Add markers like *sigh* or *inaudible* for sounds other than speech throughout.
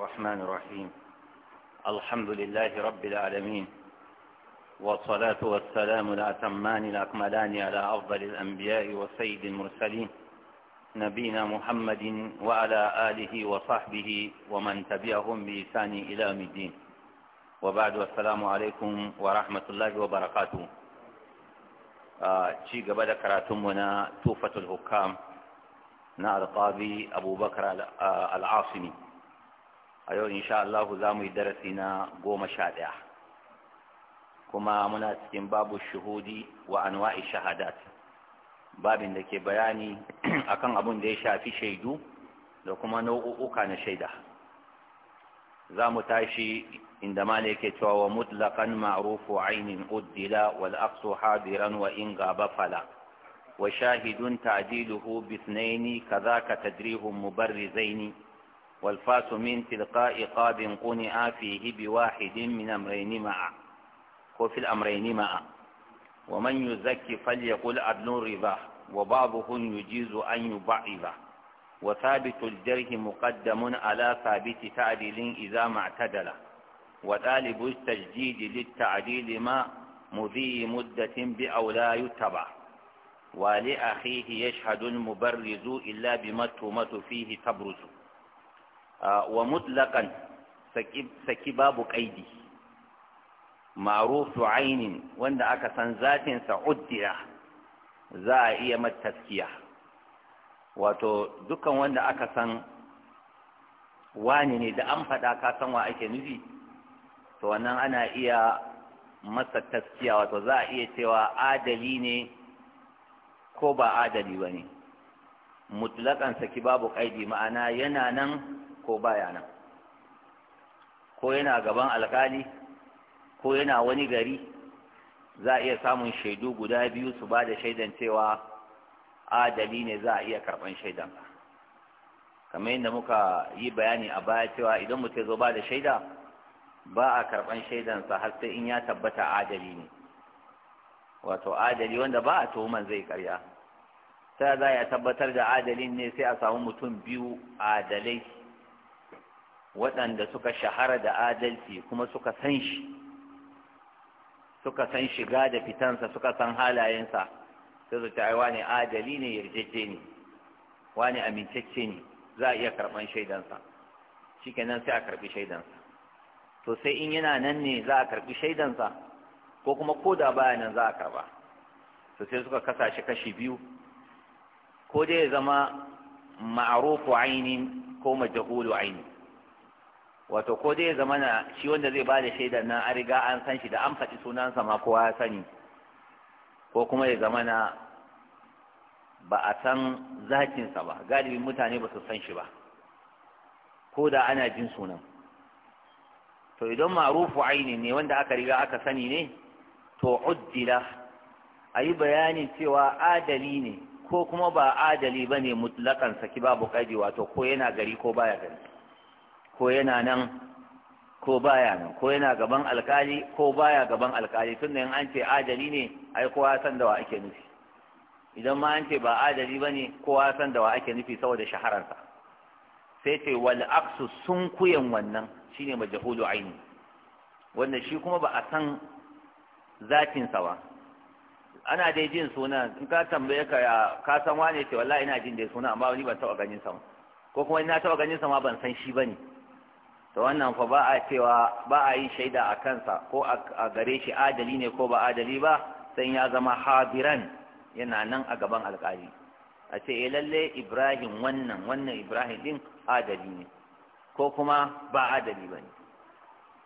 الرحمن الرحيم الحمد لله رب العالمين والصلاة والسلام الأتمان الأكملان على أفضل الأنبياء وسيد المرسلين نبينا محمد وعلى آله وصحبه ومن تبعهم بإسان إلى الدين وبعد والسلام عليكم ورحمة الله وبركاته آه، شيء قبل كراتمنا توفة الحكام نار طابي أبو بكر آه، العاصمي a yau insha Allah za mu yi darasi na goma sha ɗaya kuma muna cikin babu shuhudi wa anwa'i shahadat babin da ke bayani *clears throat* akan abun da ya shafi shaidu da kuma nau'uka na shaida za mu tashi inda ma ne ke cewa wa mutlaqan ma'rufu ainin uddila wal aqsu hadiran wa in gaba fala wa shahidun ta'diluhu bi ithnaini kadhaka tadrihum mubarrizaini والفاس من تلقاء قاب قنع فيه بواحد من أمرين معا وفي الأمرين معا ومن يزكي فليقل أبن رضا وبعضهم يجيز أن يبعض وثابت الجرح مقدم على ثابت تعديل إذا ما اعتدل وطالب التجديد للتعديل ما مذي مدة بأولى يتبع ولأخيه يشهد المبرز إلا بما التهمة فيه تبرز Ah, wa mutlaqan saki babu ƙaidi ma'rufu ainin wanda aka san zatin sa uddira za a iya mataskiya wato dukan wanda aka san wani ne da an faɗa ka san wa ake nufi to wannan ana iya masa taskiya wato za a iya cewa adali ne ko ba adali ba ne mutlaƙan saki babu ƙaidi ma'ana yana nan ko baya nan ko yana gaban alkali ko yana wani gari za a iya samun shaidu guda biyu su ba da shaidan cewa adali ne za a iya karɓan shaidan kamar yadda muka yi bayani a baya cewa idan mutum zo ba da shaida ba a karɓan shaidansa har sai in ya tabbata adali ne wato adali wanda ba a tuhuman zai karya ta za a tabbatar da adalin ne sai a samu mutum biyu adalai waɗanda suka shahara da adalci kuma suka san shi suka san shiga da fitansa suka san halayensa sai su ta wani adali ne yarjejje ne wani amintacce ne za a iya karɓan shaidansa shikenan sai a karɓi shaidansa to sai in yana nan ne za a karɓi shaidansa ko kuma ko da baya nan za a karɓa to sai suka kasa shi kashi biyu ko dai ya zama ma'arufu aini ko majahulu aini. wato ko dai ya shi wanda zai ba da shaidar nan an riga an san shi da an faɗi sunansa ma kowa ya sani ko kuma ya zama na ba a san zakinsa ba galibin mutane ba su san shi ba ko da ana jin sunan to idan ma'rufu aini ne wanda aka riga aka sani ne to uddila a yi bayanin cewa adali ne ko kuma ba adali ba ne mutlakan saki babu kaji wato ko yana gari ko baya gari ko yana nan ko baya nan ko yana gaban alkali ko baya gaban alkali tun da an ce ajali ne ai kowa san da wa ake nufi idan ma an ce ba ajali ba ne kowa san da wa ake nufi saboda shahararsa sai ce wal aksu sun kuyan wannan shine majhulu aini wanda shi kuma ba a san sa ba ana dai jin suna in ka tambaye ka ka san wane ce wallahi ina jin dai suna amma ni ban taɓa ganin sa ko kuma ina taɓa ganin sa ma ban san shi bane to wannan fa ba a cewa ba a yi shaida a kansa ko a gare shi adali ne ko ba adali ba sai ya zama hadiran yana nan a gaban alkali a ce eh lalle Ibrahim wannan wannan Ibrahim din adali ne ko kuma ba adali ba ne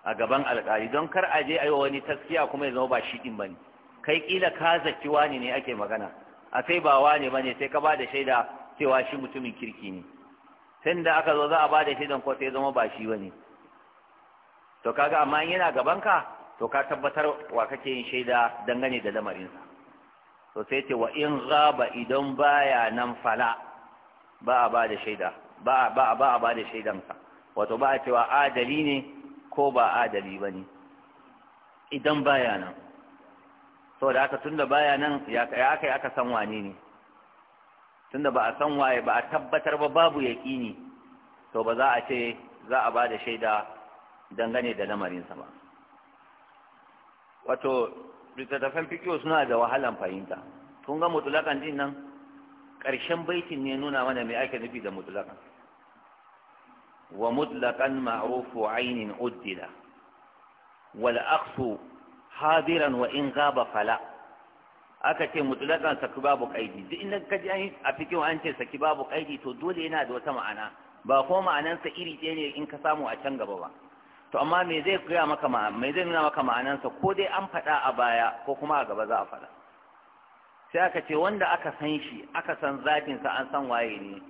a gaban alkali don kar a je a yi wani taskiya kuma ya zama ba shi din ba ne kai kila ka zaki wani ne ake magana a sai ba wani ba ne sai ka ba da shaida cewa shi mutumin kirki ne Tunda aka zo za a ba da shaidan ko sai zama ba shi bane to kaga amma in yana gabanka to ka tabbatar wa kake yin shaida dangane da lamarinsa to sai ce wa in ghaba idan baya nan fala ba a ba da shaida ba ba ba a ba da shaidansa wato ba a cewa adali ne ko ba adali bane idan baya nan saboda haka tunda baya nan ya kai aka san wane ne tunda ba a san waye ba a tabbatar ba babu yaƙini to ba za a ce za a ba da shaida dangane da lamarinsa ba wato littattafan fikiyo suna da wahalan fahimta kun ga mutulakan din nan ƙarshen baitin ne nuna mana mai ake nufi da mutulakan wa mutlakan ma'rufu ainin uddila wal aqsu hadiran wa in gaba fala aka ce mutulakan saki babu kaidi duk inda ka ji a fikin an ce saki babu kaidi to dole yana da wata ma'ana ba ko ma'anansa iri ɗaya ne in ka samu a can gaba ba to amma me zai koya maka me zai nuna maka ma'anansa ko dai an faɗa a baya ko kuma a gaba za a faɗa sai aka ce wanda aka san shi aka san sa an san waye ne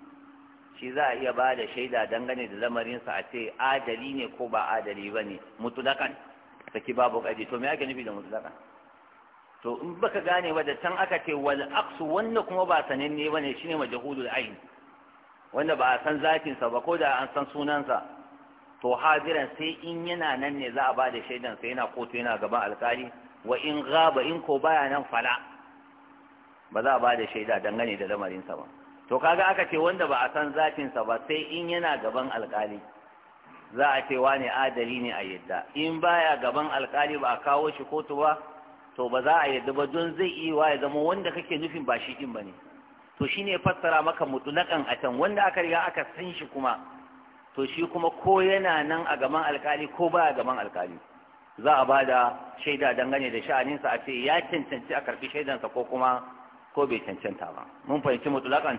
shi za a iya ba da shaida dangane da lamarinsa a ce adali ne ko ba adali bane mutulakan saki babu kaidi to me ake nufi da mutulakan to in baka gane ba da can aka ce wal aqsu wanda kuma ba sananne bane shine majhulul ayn wanda ba a san zatin sa ba ko da an san sunansa to hadiran sai in yana nan ne za a ba da shaidan sai yana kotu yana gaban alkali wa in ghaba in ko baya nan fala ba za a ba shaida dangane da lamarin sa ba to kaga aka ce wanda ba a san zatin sa ba sai in yana gaban alkali za a ce wane adali ne a yadda in baya gaban alkali ba a kawo shi kotu ba to ba za a yadda ba don zai iya wa ya zama wanda kake nufin ba shi ba ne? to shi ne fassara maka mutu mutulakan a can wanda aka riga aka san shi kuma to shi kuma ko yana nan a gaban alkali ko ba a gaban alkali za a ba da shaida dangane da sha'aninsa a ce ya cancanci a karfi shaidansa ko kuma ko bai cancanta ba mun fahimci mutulakan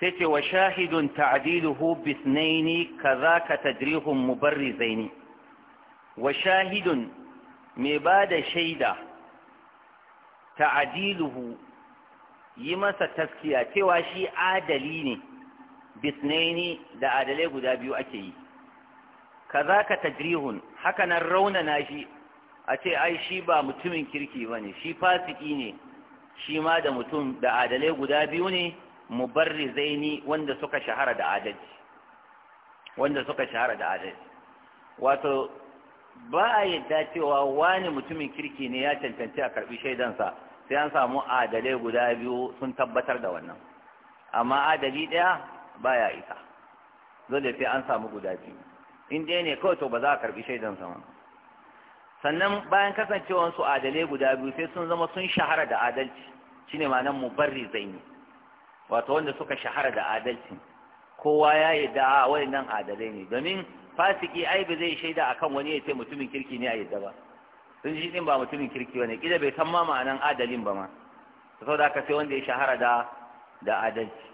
sai ce wa shahidun ta'diluhu bisnaini ka tadrihun mubarrizaini wa shahidun mai ba da shaida adiluhu yi masa taskiya cewa shi adali ne bisnaini da adalai guda biyu ake yi kaza ka tajrihun haka nan raunana shi a ce ai shi ba mutumin kirki ba ne shi fasiki ne shi ma da mutum da adalai guda biyu ne Zaini wanda suka shahara da adalci wanda suka shahara da adalci wato ba a yadda cewa wani mutumin kirki ne ya cancanci a karbi shaidansa sai an samu adalai guda biyu sun tabbatar da wannan amma adali ɗaya ya isa dole sai an samu guda biyu in ɗaya ne kawai to ba za a karbi shaidansa ba sannan bayan kasancewansu adalai guda biyu sai sun zama sun shahara da adalci shine ma'anar bari zaini wato wanda suka shahara da adalci kowa ya yi da nan adalai ne domin fasiki ai ba zai shaida akan wani ya ce mutumin kirki ne a yadda ba sun shi din ba mutumin kirki bane kila bai san ma ma'anan adalin ba ma saboda haka sai wanda ya shahara da da adalci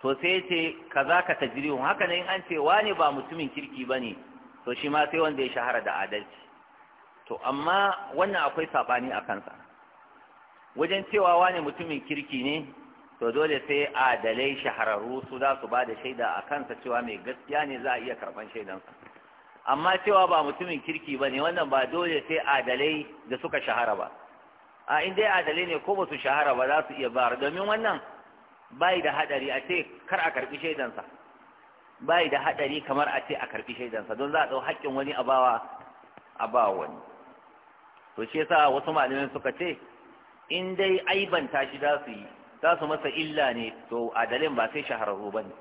to sai ya ce kaza ka tajrihun haka ne in an ce wani ba mutumin kirki bane to shi ma sai wanda ya shahara da adalci to amma wannan akwai saɓani a kansa wajen cewa wani mutumin kirki ne to dole sai adalai shahararru su za su ba da shaida a kansa cewa mai gaskiya ne za a iya karɓan shaidansa amma cewa ba mutumin kirki ba ne wannan ba dole sai adalai da suka shahara ba a in dai adalai ne ko ba su shahara ba za su iya ba domin wannan bai da haɗari a ce kar a karɓi shaidansa bai da haɗari kamar a ce a karɓi shaidansa don za a dau haƙƙin wani a bawa a bawa wani to shi yasa wasu malamai suka ce in dai aibanta shi za su yi za su masa illa ne to adalin ba sai shahararru ba ne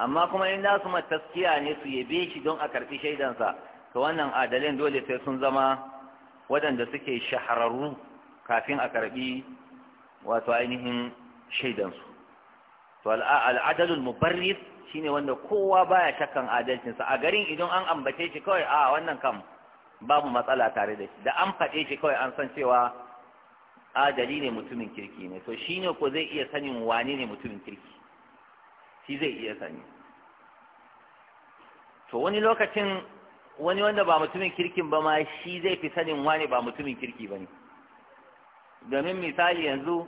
amma kuma in za su ma taskiya ne su yabe shi don a karɓi shaidansa to wannan adalin dole sai sun zama waɗanda suke shahararru kafin a karɓi wato ainihin shaidansu to al'adalul mubarris shine wanda kowa baya shakkan adalcinsa a garin idan an ambace shi kawai a ah, wannan kam babu matsala tare da shi da an faɗe shi kawai an san cewa adali ne mutumin kirki ne to shi ne ko zai iya sanin wane ne mutumin kirki shi zai iya sani to wani lokacin wani wanda ba mutumin kirkin ba ma shi zai fi sanin wane ba mutumin kirki ba ne domin misali yanzu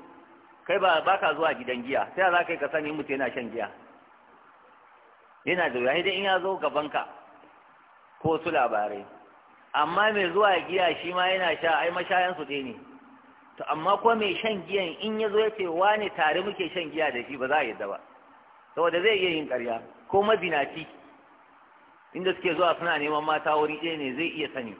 kai ba ka zuwa gidan giya sai za ka yi ka sani mutu yana shan giya yana da wuya idan in ya zo gabanka ko su labarai amma mai zuwa giya shi ma yana sha ai mashayan su ne to amma ko mai shan giyan in ya zo ya ce wani tare muke shan giya da shi ba za a yadda ba saboda zai iya yin ƙarya ko mazinaci inda suke zuwa suna neman mata wuri ɗaya ne zai iya sani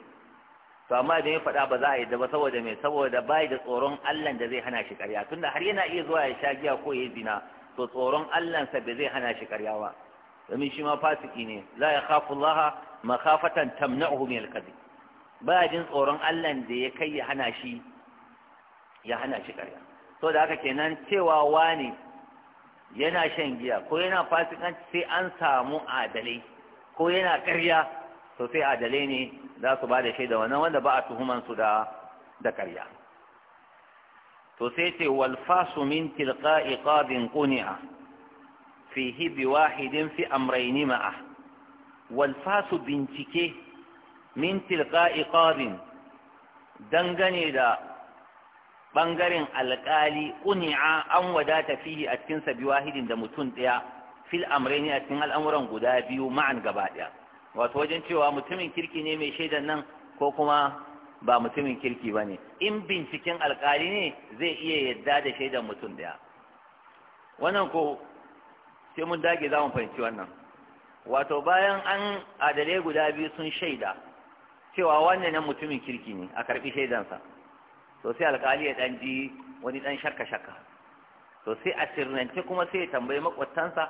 to amma da ya faɗa ba za a yadda ba saboda mai saboda bai da tsoron Allah da zai hana shi ƙarya tunda har yana iya zuwa ya sha giya ko ya zina to tsoron Allah sa ba zai hana shi ƙarya ba domin shi ma fasiki ne la ya khafu Allah makhafatan tamna'uhu min al-kadhib ba jin tsoron Allah da ya kai ya hana shi ya hana shi ƙarya so da haka kenan cewa wani yana shan giya ko yana fasikanci sai an samu adalai ko yana ƙarya to sai adalai ne za su ba da shaida wannan wanda ba a tuhuman su da da ƙarya to sai ce wal fasu min tilqa'i qadin quni'a fihi bi wahidin fi amrayni ma'a wal fasu bincike min tilqa'i qadin dangane da bangaren alƙali ƙuni'a an wadata fihi a cikin sabi wahidin da mutum ɗaya fil amrani a cikin al'amuran guda biyu ma'an gaba ɗaya wato wajen cewa mutumin kirki ne mai shaidan nan ko kuma ba mutumin kirki ba ne in binciken alƙali ne zai iya yadda da shaidan mutum ɗaya wannan ko sai mun dage za mu fahimci wannan wato bayan an adalai guda biyu sun shaida cewa wannan mutumin kirki ne a karɓi shaidansa to sai alkali ya ɗan ji wani ɗan shakka shakka to sai a sirrance kuma sai ya tambayi makwattansa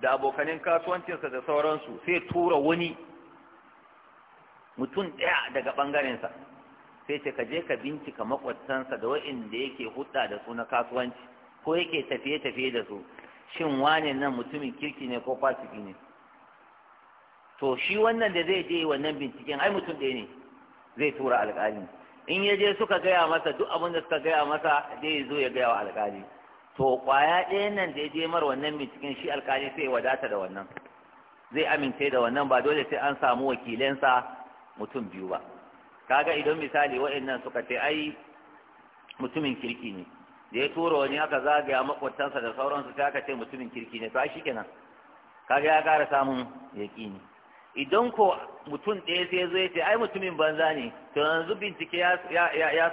da abokanin kasuwancinsa da sauransu sai ya tura wani mutum ɗaya daga ɓangarensa sai ce ka je ka bincika makwattansa da wa'inda yake hudda da su na kasuwanci ko yake tafiye-tafiye da su shin wane nan mutumin kirki ne ko fasiki ne to shi wannan da zai je wannan binciken ai mutum ɗaya ne zai tura alƙalin in ya je suka gaya masa duk abin da suka gaya masa zai zo ya gaya wa alkali to kwaya ɗayan nan da ya je mar wannan binciken shi alkali sai ya wadata da wannan zai amince da wannan ba dole sai an samu wakilansa mutum biyu ba kaga idan misali wa'annan suka ce ai mutumin kirki ne da ya tura wani aka zagaya makwabtansa da sauransu sai aka ce mutumin kirki ne to ai shikenan kaga ya ƙara samun yaƙini idan ko mutum ɗaya sai zo ya ce ai mutumin banza ne to yanzu bincike ya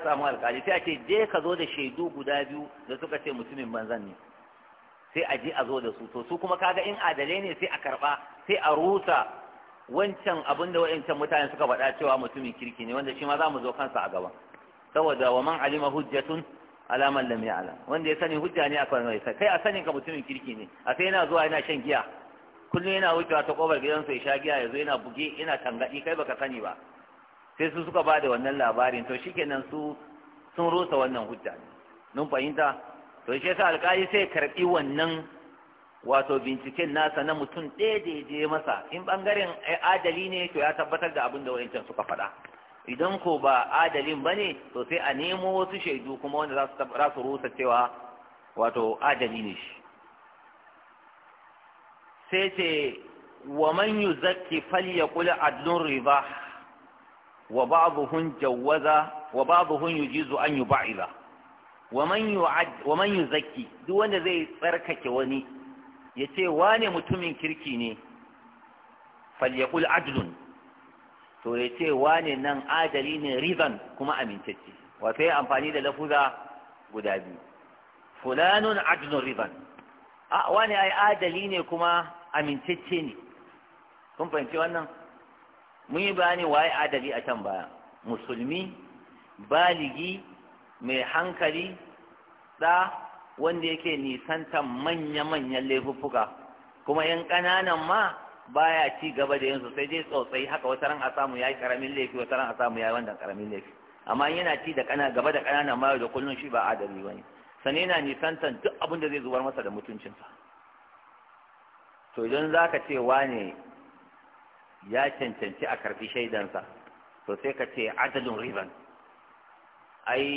samu alƙali. sai a ce je ka zo da shaidu guda biyu da suka ce mutumin banzan ne sai a je a zo da su to su kuma kaga in adalai ne sai a karba sai a rusa wancan abin da wa'ancan mutane suka faɗa cewa mutumin kirki ne wanda shi ma za mu zo kansa a gaba saboda wa man alima hujjatun man lam ya'lam wanda ya sani hujja ne akan kai a sanin ka mutumin kirki ne a sai yana zuwa yana shan giya kullum yana wucewa ta kofar su ya sha giya zo yana buge yana tangaɗi kai baka sani ba sai su suka bada wannan labarin to shikenan su sun rusa wannan hujja nun fahimta to shi yasa alƙali sai karɓi wannan wato binciken nasa na mutum ɗaya da je masa in bangaren adali ne to ya tabbatar da abin da wa'ancan suka faɗa idan ko ba adalin ba ne to sai a nemo wasu shaidu kuma wanda za su rusa cewa wato adali ne shi sai ce wa man yuzakki falyaqul adlun riba wa ba'dhum jawaza wa babu yujizu an yub'iza wa man yu'ad wa man zaki duk wanda zai tsarkake wani Ya yace wane mutumin kirki ne kula adlun to ya yace wane nan adali ne riban kuma amintacce wato ya amfani da lafuza guda biyu fulanun adlun riban a wani ai adali ne kuma amintacce ne kun fahimci wannan mun yi bayani waye adali a can baya musulmi baligi mai hankali da wanda yake nisantan manya-manyan laifuffuka kuma yan ƙananan ma baya ci gaba da yanzu sai dai tsotsai haka wata ran a samu yayi karamin laifi wata ran a samu yayi wanda karamin laifi amma yana ci da kana gaba da ƙananan ma da kullun shi ba adali ne. sane na nisantar duk abin da zai zubar masa da mutuncinsa to idan za ka ce wane ya cancanci a karfi shaidansa to sai ka ce adalin riban ai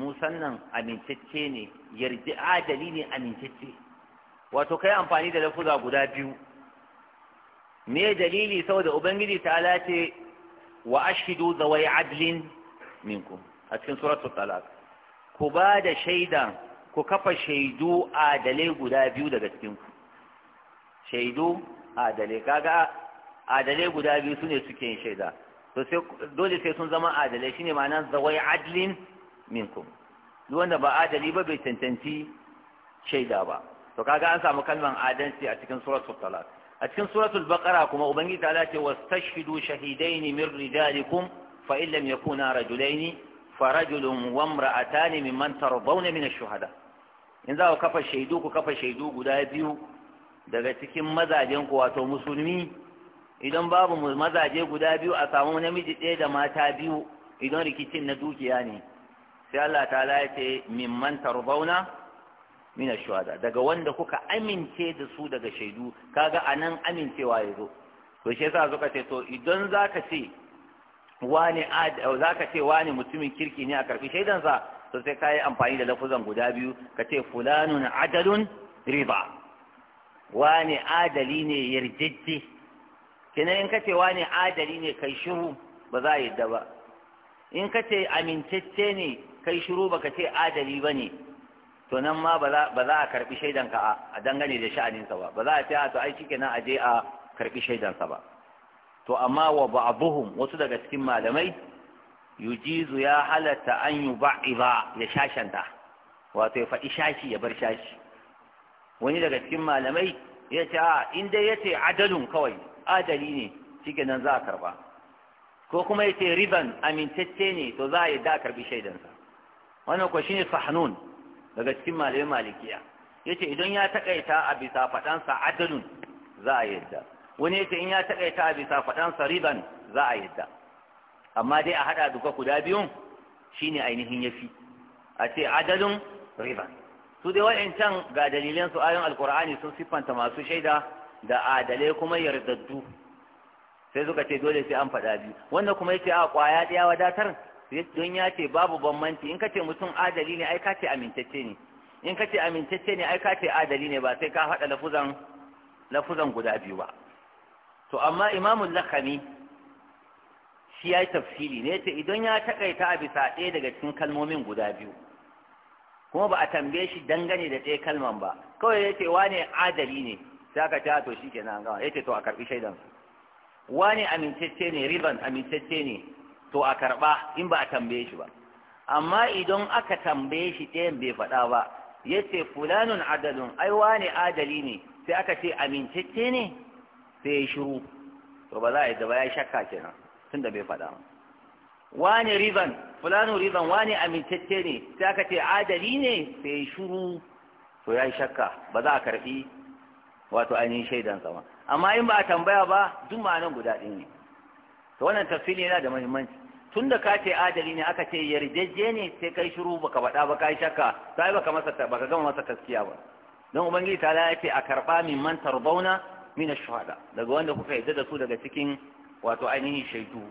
musan nan amintacce ne yarji adali ne amintacce wato kai amfani da lafuza guda biyu me dalili saboda ubangiji ta ce wa ashidu zawai adlin minkum a cikin suratul talaq ku ba da shaida ku kafa shaidu adalai guda biyu daga cikinku shaidu adalai kaga adalai guda biyu su ne suke yin shaida to sai dole sai sun zama adalai shine ma'ana zawai adlin minkum duk wanda ba adali ba bai tantanci shaida ba to kaga an samu kalman adalci a cikin suratul talaq a cikin suratul baqara kuma ubangiji ta ce wastashhidu shahidaini min rijalikum fa illam yakuna rajulaini farajulun wamra a tani min mantar baune min shuhada in za ku kafa shaidu ku kafa shaidu guda biyu daga cikin mazajen ku wato musulmi idan babu mazaje guda biyu a samu namiji ɗaya da mata biyu idan rikicin na dukiya ne sai Allah ta ya ce min mantar bauna min shuhada daga wanda kuka amince da su daga shaidu kaga anan amincewa ya zo to shi yasa suka ce to idan zaka ce wani za ka ce wani mutumin kirki ne a karfi shaidansa to sai ka yi amfani da lafuzan guda biyu ka ce fulanun adalun riba wani adali ne yarjejje kenan in ka ce wani adali ne kai shiru ba za a yadda ba in ka ce amintacce ne kai shiru ba ka ce adali ba ne to nan ma ba za a karɓi shaidanka a dangane da sha'aninsa ba ba za a ce a to ai shi kenan a je a karɓi shaidansa ba to amma wa ba'dhum wasu daga cikin malamai yujizu ya halatta an yub'iba ya shashanta wato ya faɗi shashi ya bar shashi wani daga cikin malamai ya ce a inda ya ce adalun kawai adali ne cike nan za a karba ko kuma ya ce riban amintacce ne to za a yi da a karbi shaidansa wannan kuwa shine fahnun daga cikin malamai malikiya ya ce idan ya takaita a bisa faɗansa adalun za a yarda. wani yace in ya takaita a bisa faɗan sariban za a yadda amma dai a haɗa duka guda biyun shine ainihin yafi a ce adalun riban su dai can ga dalilan su ayon alkur'ani sun siffanta masu shaida da adalai kuma yardaddu sai suka ce dole sai an faɗa biyu wanda kuma yace a ƙwaya ɗaya wadatar don ya ce babu bambanci in ka ce mutum adali ne ai ka ce amintacce ne in ce amintacce ne ai ka ce adali ne ba sai ka haɗa lafuzan guda biyu ba to amma imamun lakami shi ya yi tafsiri ne ta idan ya takaita a bisa ɗaya daga cikin kalmomin guda biyu kuma ba a tambaye shi dangane da ɗaya kalman ba kawai ya ce wane adali ne sai aka ta ah, to shi kenan gawa ya ce to a karɓi shaidan wane amintacce ne riban amintacce ne to a karɓa in ba a tambaye shi ba amma idan aka tambaye shi ɗayan bai faɗa ba ya ce fulanun adalun ai wane adali ne sai aka ce amintacce ne sai ya shiru to ba za a yi gaba ya shakka kenan tun da bai faɗa wani riban fulano riban wani amintacce ne sai aka ce adali ne sai ya shiru to ya shakka ba za a karɓi wato ainihin shaidan sama amma in ba a tambaya ba duk ma'anan guda ɗin ne to wannan tafsiri yana da muhimmanci tun da ka ce adali ne aka ce yarjejje ne sai kai shiru baka faɗa ba kai shakka sai baka masa baka gama masa gaskiya ba don ubangiji ta ya ce a karɓa min man tarbauna min ash-shuhada daga wanda kuka yadda da su daga cikin wato ainihin shaidu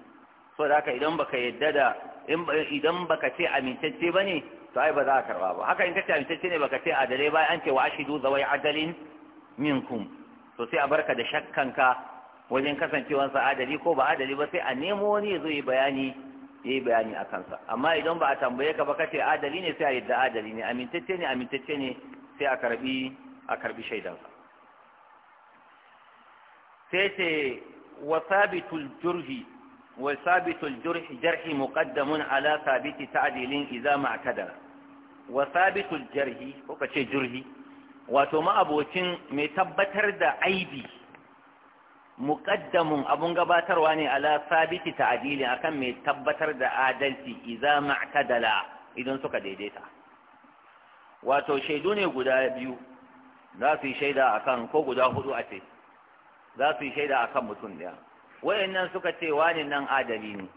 so da haka idan baka yadda da idan baka ce amintacce bane to ai ba za ka karba ba haka in ce amintacce ne baka ce adalai ba an ce wa ashidu zawai adalin minkum to sai a barka da ka wajen kasancewansa adali ko ba adali ba sai a nemo wani ya zo yi bayani ya yi bayani a kansa amma idan ba a tambaye ka ba kace adali ne sai a yadda adali ne amintacce ne amintacce ne sai a karbi a karbi shaidansa sai ce wa sabitul jurhi wa sabitul jurhi jarhi muqaddamun ala sabiti ta'dilin idza ma'tadara wa sabitul jarhi ko ka ce jurhi wato ma ma'abocin mai tabbatar da aibi muqaddamun abun gabatarwa ne ala sabiti ta'dili akan mai tabbatar da adalci idza ma'tadala idan suka daidaita wato shaidu ne guda biyu za su yi shaida akan ko guda hudu a ce za su yi shaida akan mutum ɗaya nan suka ce wani nan adali ne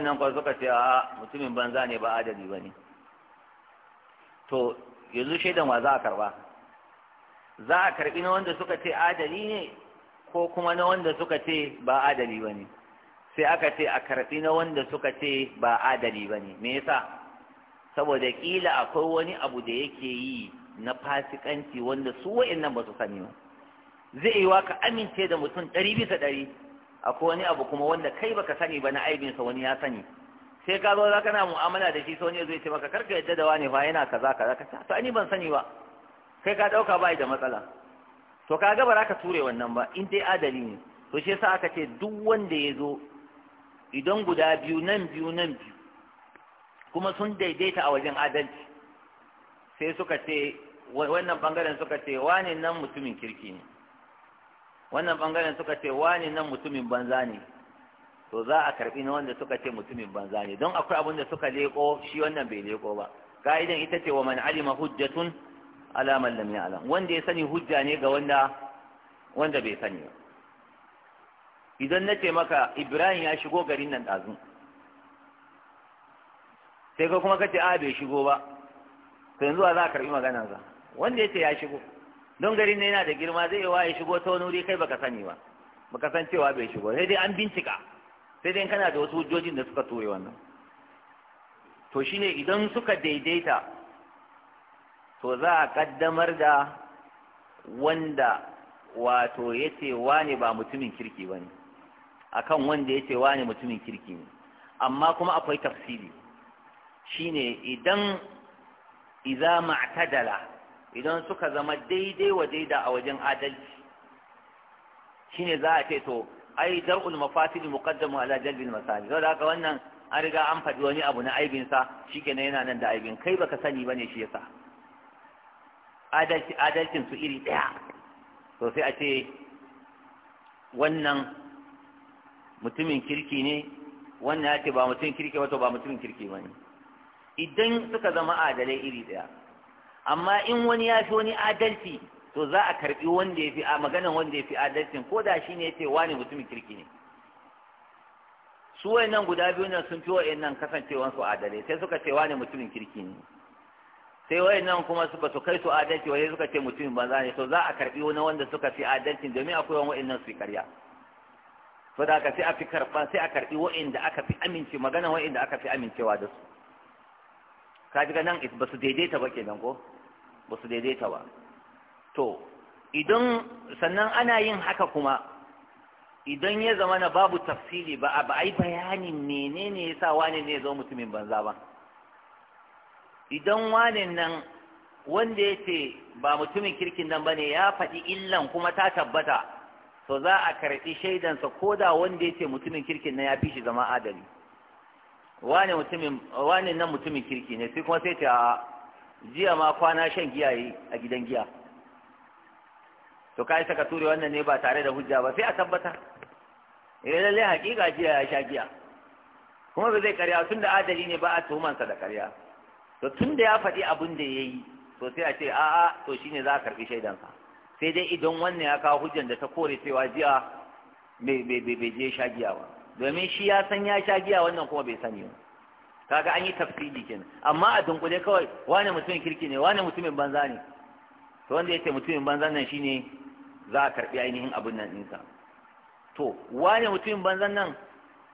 nan kuma suka ce a mutumin banza ne ba adali ba ne to yanzu shaidan wa za a karba za a karbi na wanda suka ce adali ne ko kuma na wanda suka ce ba adali ba ne sai aka ce a karbi na wanda suka ce ba adali ba ne me yasa saboda kila akwai wani abu da yake yi na fasikanci wanda su nan ba su sani ba zai yi wa ka amince da mutum ɗari bisa ɗari ko wani abu kuma wanda kai baka sani ba na aibinsa wani ya sani sai ka zo za kana mu'amala da shi sau ne zai ce maka karka yadda da wani fa yana kaza kaza ka ta ani ban sani ba kai ka ɗauka bai da matsala to ka ga ba za ka ture wannan ba in dai adali ne to shi yasa aka ce duk wanda ya zo idan guda biyu nan biyu nan biyu kuma sun daidaita a wajen adalci sai suka ce wannan bangaren suka ce wane nan mutumin kirki ne wannan bangaren suka ce wani nan mutumin banza ne to za a karbi na wanda suka ce mutumin banza ne don akwai abin da suka leko shi wannan bai leko ba ka'idan ita ce wa man alima hujjatun ala man lam ya'lam wanda ya sani hujja ne ga wanda wanda bai sani ba idan na ce maka Ibrahim ya shigo garin nan ɗazu sai ka kuma ka ce a bai shigo ba to yanzu za a karbi maganarsa wanda ya ce ya shigo don garin ne yana da girma zai yi wa ya shigo ta wani wuri kai baka sani ba baka san cewa bai shigo sai dai an bincika sai dai kana da wasu hujjojin da suka ture wannan to shine idan suka daidaita to za a kaddamar da wanda wato ya ce wane ba mutumin kirki ba ne akan wanda ya ce wane mutumin kirki ne amma kuma akwai tafsiri shine idan iza ma'tadala idan suka zama daidai wa daida a wajen adalci shine za a ce to ai dar'ul mafasid muqaddamu ala jalbil masal da, haka wannan an riga an faɗi wani abu na aibin sa shikenan yana nan da aibin kai baka sani bane shi yasa adalci adalcin su iri daya to sai a ce wannan mutumin kirki ne wannan ya ce ba mutumin kirki wato ba mutumin kirki bane idan suka zama adalai iri daya amma in wani ya fi wani adalci to za a karbi wanda ya fi a maganan wanda ya fi adalcin ko da shi ne ya ce wani mutumin kirki ne su wayannan guda biyu nan sun fi wayannan kasancewan su adalai sai suka ce wani mutumin kirki ne sai wayannan kuma suka su kai su adalci wai suka ce mutumin banza ne to za a karbi wani wanda suka fi adalcin domin akwai wani wayannan su karya to da ka sai a fi karban sai a karbi wayanda aka fi amince magana wayanda aka fi amincewa da su ka ji nan ba su daidaita ba kenan ko ba su daidaita ba to idan sannan ana yin haka kuma idan ya zama na babu tafsili ba a ba'ai bayanin menene ya sa wane ne ya zo mutumin banza ba idan wane nan wanda ya ce ba mutumin kirkin nan ba ne ya faɗi illan kuma ta tabbata to za a karɓi shaidansa ko da wanda ya ce mutumin kirkin nan ya fi shi zama adali wane nan mutumin kirki ne sai kuma sai ta jiya ma kwana shan giya yi a gidan giya to kai saka ture wannan ne ba tare da hujja ba sai a tabbata idan eh, lalle hakika jiya ya sha giya kuma ba zai karya tun da adali ne ba a tuhumansa da karya to tun da ya faɗi abin da ya yi to sai a ce a'a to shine za a karɓi shaidansa sai dai idan wannan ya kawo hujjan da ta kore cewa jiya bai je sha giya ba domin shi ya san ya sha giya wannan kuma bai sani ba kaga an yi tafsiri kenan amma a dunkule kawai wane mutumin kirki ne wane mutumin banza ne to wanda yake mutumin banza nan shine za a karbi ainihin abin nan ɗinsa to wane mutumin banza nan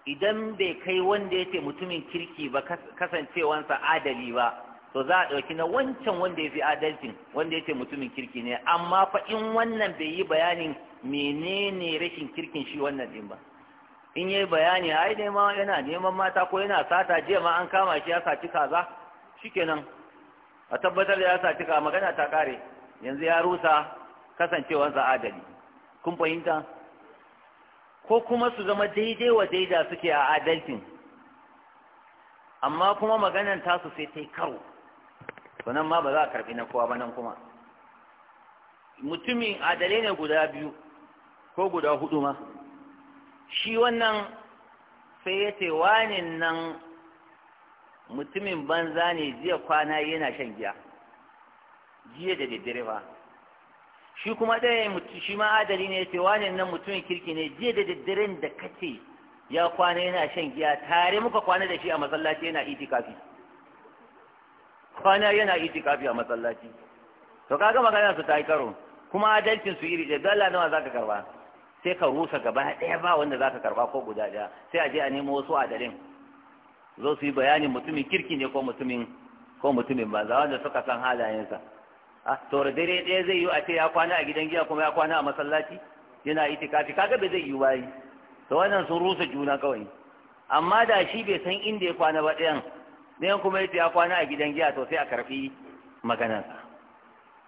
idan bai kai wanda yake mutumin kirki ba kasancewansa adali ba to za a ɗauki na wancan wanda ya fi adalcin wanda yake mutumin kirki ne amma fa in wannan bai yi bayanin menene rashin kirkin shi wannan ɗin ba in yi bayani ai dai yana neman mata ko yana sata jiya ma an kama shi ya saci kaza shikenan a tabbatar da ya saci kaza magana ta kare yanzu ya rusa kasancewar sa adali kun fahimta ko kuma su zama daidai wa daida suke a adalcin amma kuma maganan su sai ta yi karo sannan ma ba za a karɓi na kowa ba nan kuma mutumin adalai ne guda biyu ko guda hudu ma shi wannan sai ya ce wani nan mutumin banza ne jiya kwana yana shan giya jiya da daddare ba shi kuma ɗaya shi ma adali ne ya ce wani nan mutumin kirki ne jiya da daddaren da kace ya kwana yana shan giya tare muka kwana da shi a masallaci yana kafi. kwana yana kafi a masallaci to kaga magana su ta yi karo kuma adalcin su iri da dalla nawa za ka karba sai ka rusa gaba ɗaya ba wanda za ka karba ko guda ɗaya sai a je a nemo wasu adalin zo su yi bayanin mutumin kirki ne ko mutumin ko mutumin wanda suka san halayensa a to dare ɗaya zai yi a ce ya kwana a gidan giya kuma ya kwana a masallaci yana itikafi kaga bai zai yi bayi to wannan sun rusa juna kawai amma da shi bai san inda ya kwana ba ɗayan ɗayan kuma ya ya kwana a gidan giya to sai a karfi maganarsa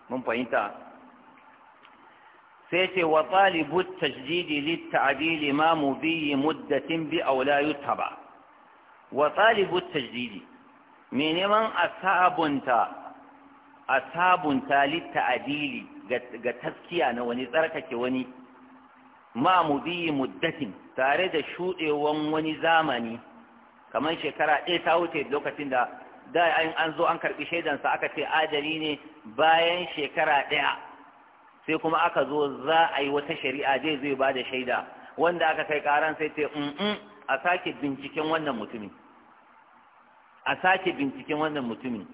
mun fahimta sai ce wa talibut tajdidi lit ta'dil ma biyi muddatin bi aw la wa talibut tajdidi me neman sabunta asabunta lit ta'dili ga taskiya na wani tsarkake wani ma biyi muddatin tare da shuɗewan wani zamani kamar shekara ɗaya ta wuce lokacin da da an zo an karɓi shaidansa aka ce adali ne bayan shekara ɗaya sai kuma aka zo za a yi wata shari'a zai zai ba da shaida wanda aka kai karan sai ce mm a sake binciken wannan mutumin a sake binciken wannan mutumin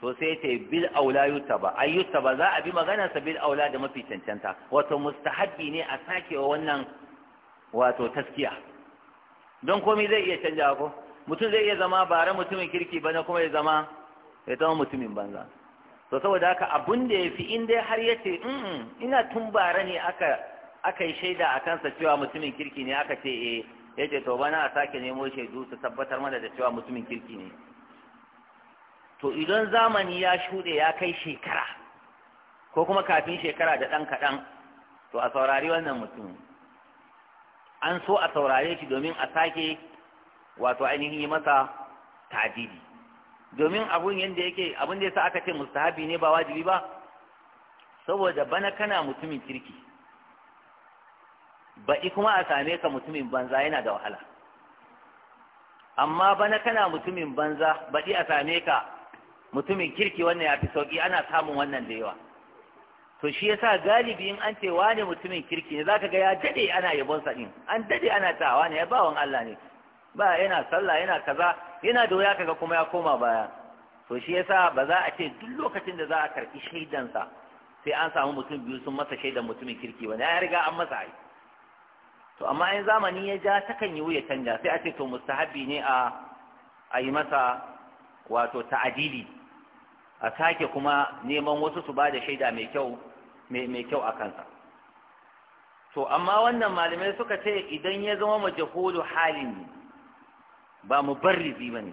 to sai ce bil aula yutaba ay ba za a bi magana sa bil aula da mafi cancanta wato mustahabbi ne a sake wa wannan wato taskiya don komai zai iya canja ko mutum zai iya zama bare mutumin kirki bane kuma ya zama ya zama mutumin banza to saboda haka abun da ya fi in dai har ya ce ina tun bara ne aka aka yi shaida a kansa cewa mutumin kirki ne aka ce eh ya ce to bana a sake nemo shaidu su tabbatar mana da cewa mutumin kirki ne to idan zamani ya shuɗe ya kai shekara ko kuma kafin shekara da ɗan kaɗan to a saurari wannan mutum an so a saurare shi domin a sake wato ainihin yi masa tadidi domin abun yadda yake abun da yasa aka ce mustahabi ne ba wajibi ba saboda bana kana mutumin kirki baɗi kuma a same ka mutumin banza yana da wahala amma bana kana mutumin banza baɗi a same ka mutumin kirki wannan ya fi sauƙi ana samun wannan da yawa to shi yasa galibi in an ce wane mutumin kirki ne zaka ga ya dade ana yabon sa din an dade ana ta wane ya bawan Allah ne ba yana sallah yana kaza yana da wuya kaga kuma ya koma baya to shi yasa ba za a ce duk lokacin da za a karɓi shaidansa sai an samu mutum biyu sun masa shaidan mutumin kirki wani ya riga an masa ai to amma in zamani ya ja takan yi wuya canja sai a ce to mustahabi ne a a yi masa wato ta'adili a sake kuma neman wasu su ba da shaida mai kyau mai kyau a kansa to amma wannan malamai suka ce idan ya zama majahulu halin ne ba mu mubarrizi ba ne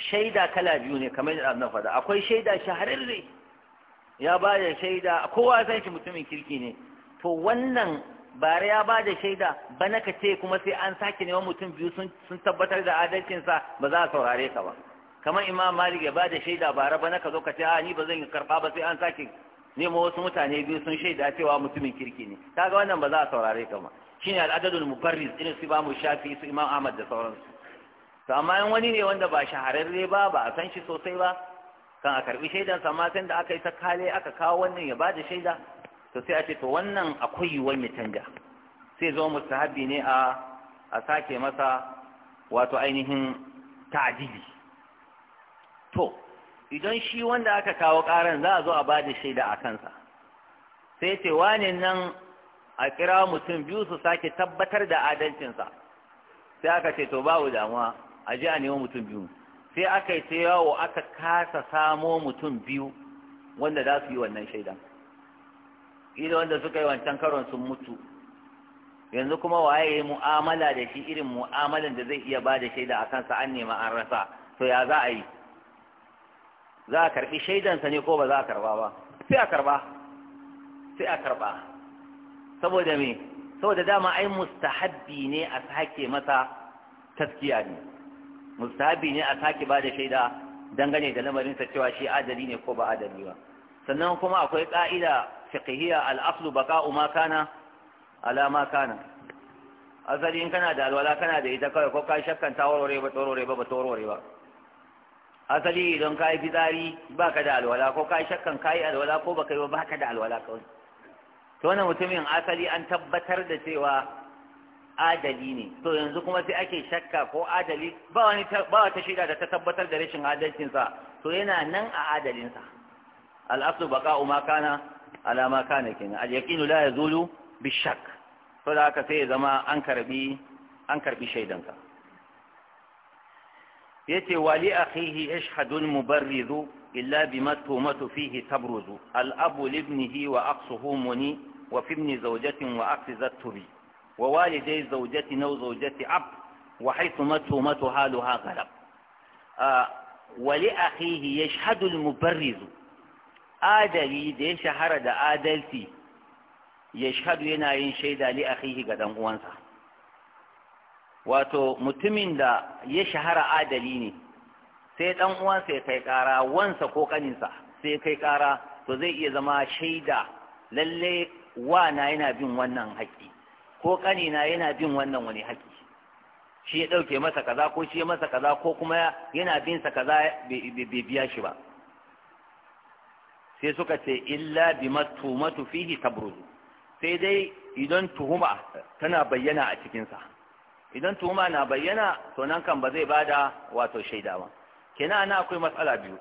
shaida kala biyu ne kamar yadda na faɗa akwai shaida shahararre ya ba da shaida kowa san shi mutumin kirki ne to wannan bare ya ba da shaida bana ka ce kuma sai an sake neman mutum biyu sun tabbatar da adalcinsa ba za a saurare ka ba kamar imam malik ya ba da shaida bara bana ka zo ka ce a ni ba zan karɓa ba sai an sake nemo wasu mutane biyu sun shaida cewa mutumin kirki ne kaga wannan ba za a saurare ka ba shine al'adadul mufarris irin su mu Shafi su Imam Ahmad da sauransu to amma wani ne wanda ba shahararre ba ba a san shi sosai ba kan a karbi shaidan sa matan da aka yi ta kale aka kawo wannan ya bada shaida to sai a ce to wannan akwai yiwuwar ya canja sai zo mustahabi ne a a sake masa wato ainihin ta'dili to idan shi wanda aka kawo karan za a zo a bada shaida a kansa sai ce wane nan a kira mutum biyu su sake tabbatar da adalcinsa sai aka ce to babu damuwa a ji a nemo mutum biyu sai aka yi sai yawo aka kasa samo mutum biyu wanda za su yi wannan shaidan ila wanda suka yi wancan karon sun mutu yanzu kuma waye yi mu'amala da shi irin mu'amalan da zai iya ba da shaida a kansa an nema an rasa to ya za a yi za a karɓi shaidansa ne ko ba za a karɓa ba sai a karba sai a karɓa saboda me saboda dama ai mustahabbi ne a sake masa taskiya ne mustahabbi ne a sake ba da shaida dangane da lamarin sa cewa shi adali ne ko ba adali ba sannan kuma akwai ƙa'ida fiqhiyya al-aslu baqa'u ma kana ala ma kana asali in kana da alwala kana da ita kawai ko ka shakkan ta warware ba tsorore ba ba tsorore ba asali idan ka yi fitsari ba ka da alwala ko ka shakkan ka yi alwala ko ba ka yi ba ba ka da alwala kawai to wannan mutumin asali an tabbatar da cewa adali ne to yanzu kuma sai ake shakka ko adali ba wani ba wata shaida da ta tabbatar da rashin adalcin sa to yana nan a adalinsa aslu baqa'u ma kana ala ma kana kenan al-yaqinu la yazulu bishak to da haka sai ya zama an karbi an karbi shaidanka yace wali akhihi ashhadul al-mubarridu إلا بما التهمة فيه تبرز الأب لابنه وأقصه مني وفي ابن زوجة وأقص ذا التبي ووالدي زوجة أو زوجة أب وحيثما التهمة حالها غلب آه ولأخيه يشهد المبرز adali da ya shahara da adalci ya shahadu yana yin shaida li akhihi ga dan uwansa wato mutumin da ya shahara adali ne sai dan uwansa ya kai kara wansa ko kaninsa sai kai kara to zai iya zama shaida lalle wana yana bin wannan haƙƙi ko kanina yana bin wannan wani haƙƙi shi ya ɗauke masa kaza ko shi ya masa kaza ko kuma yana binsa sa kaza bai biya shi ba sai suka ce illa bi matumatu fihi tabruzu sai dai idan tuhuma tana bayyana a cikinsa idan tuhuma na bayyana to nan kan ba zai bada wato shaida ba kenan ana akwai matsala biyu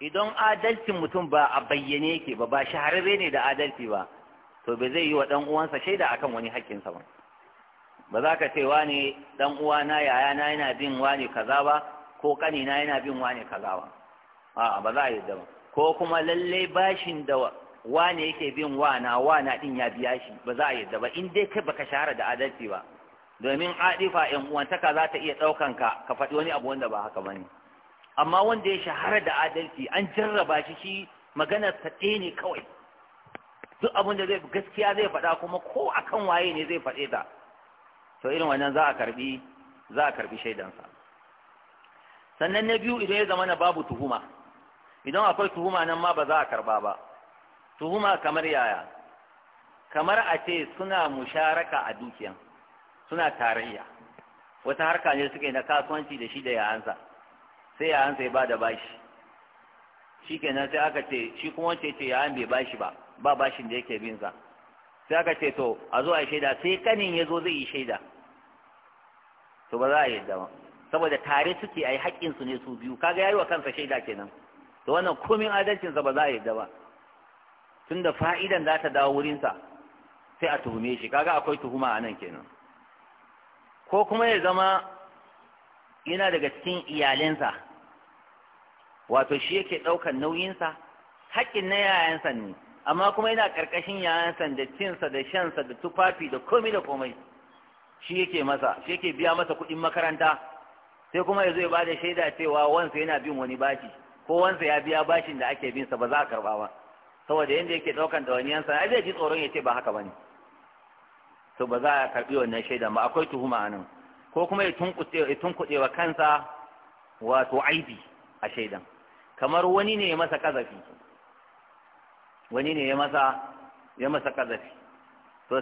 idan adalcin mutum ba a bayyane yake ba ba shahararre ne da adalci ba to ba zai yi wa dan uwansa shaida akan wani haƙƙinsa ba ba za ka ce wane dan yaya na yana bin wane kaza ba ko na yana bin wane kaza ba a'a ba za a yadda ba ko kuma lallai bashin da ne yake bin wana wana din ya biya shi ba za a yadda ba in dai kai baka shahara da adalci ba domin adifa yan uwantaka za ta iya ɗaukan ka ka faɗi wani abu wanda ba haka bane amma wanda ya shahara da adalci an jarraba shi shi maganar ta ne kawai duk abin da zai gaskiya zai faɗa kuma ko kan waye ne zai faɗe ta to irin wannan za a karbi za a karbi shaidansa sannan na biyu idan ya zama na babu tuhuma idan akwai tuhuma nan ma ba za a karba ba tuhuma kamar yaya kamar a ce suna musharaka a dukiyan suna tarayya wata harka ne suke na kasuwanci da shi da yayansa sai yayansa ya ba da bashi shi kenan sai aka ce shi kuma wance ce yayan bai bashi ba ba bashin da yake bin sa sai aka ce to a zo a shaida sai kanin ya zo zai yi shaida to ba za a yadda ba saboda tare suke a yi haƙƙinsu ne su biyu kaga ya yi wa kansa shaida kenan to wannan komin adalcinsa ba za a yadda ba tunda fa'idan za ta dawo wurinsa sai a tuhume shi kaga akwai tuhuma a nan kenan ko kuma ya zama yana daga cikin iyalinsa wato shi yake ɗaukar nauyinsa haƙƙin na yayansa ne amma kuma yana ƙarƙashin yayansa da cinsa da shansa da tufafi da komai da komai shi yake masa shi yake biya masa kuɗin makaranta sai kuma ya zo ya bada shaida cewa wansa yana bin wani bashi ko wansa ya biya bashin da ake sa, ba za a karɓa ba saboda yadda yake ɗaukan ɗawainiyansa ai zai ji tsoron ya ce ba haka ba ne to ba za a karbi wannan shaidan ba akwai tuhuma nan ko kuma ya tunkuɗe wa kansa wato aibi a shaidan kamar wani ne ya masa kazafi wani ne ya masa ƙazafi.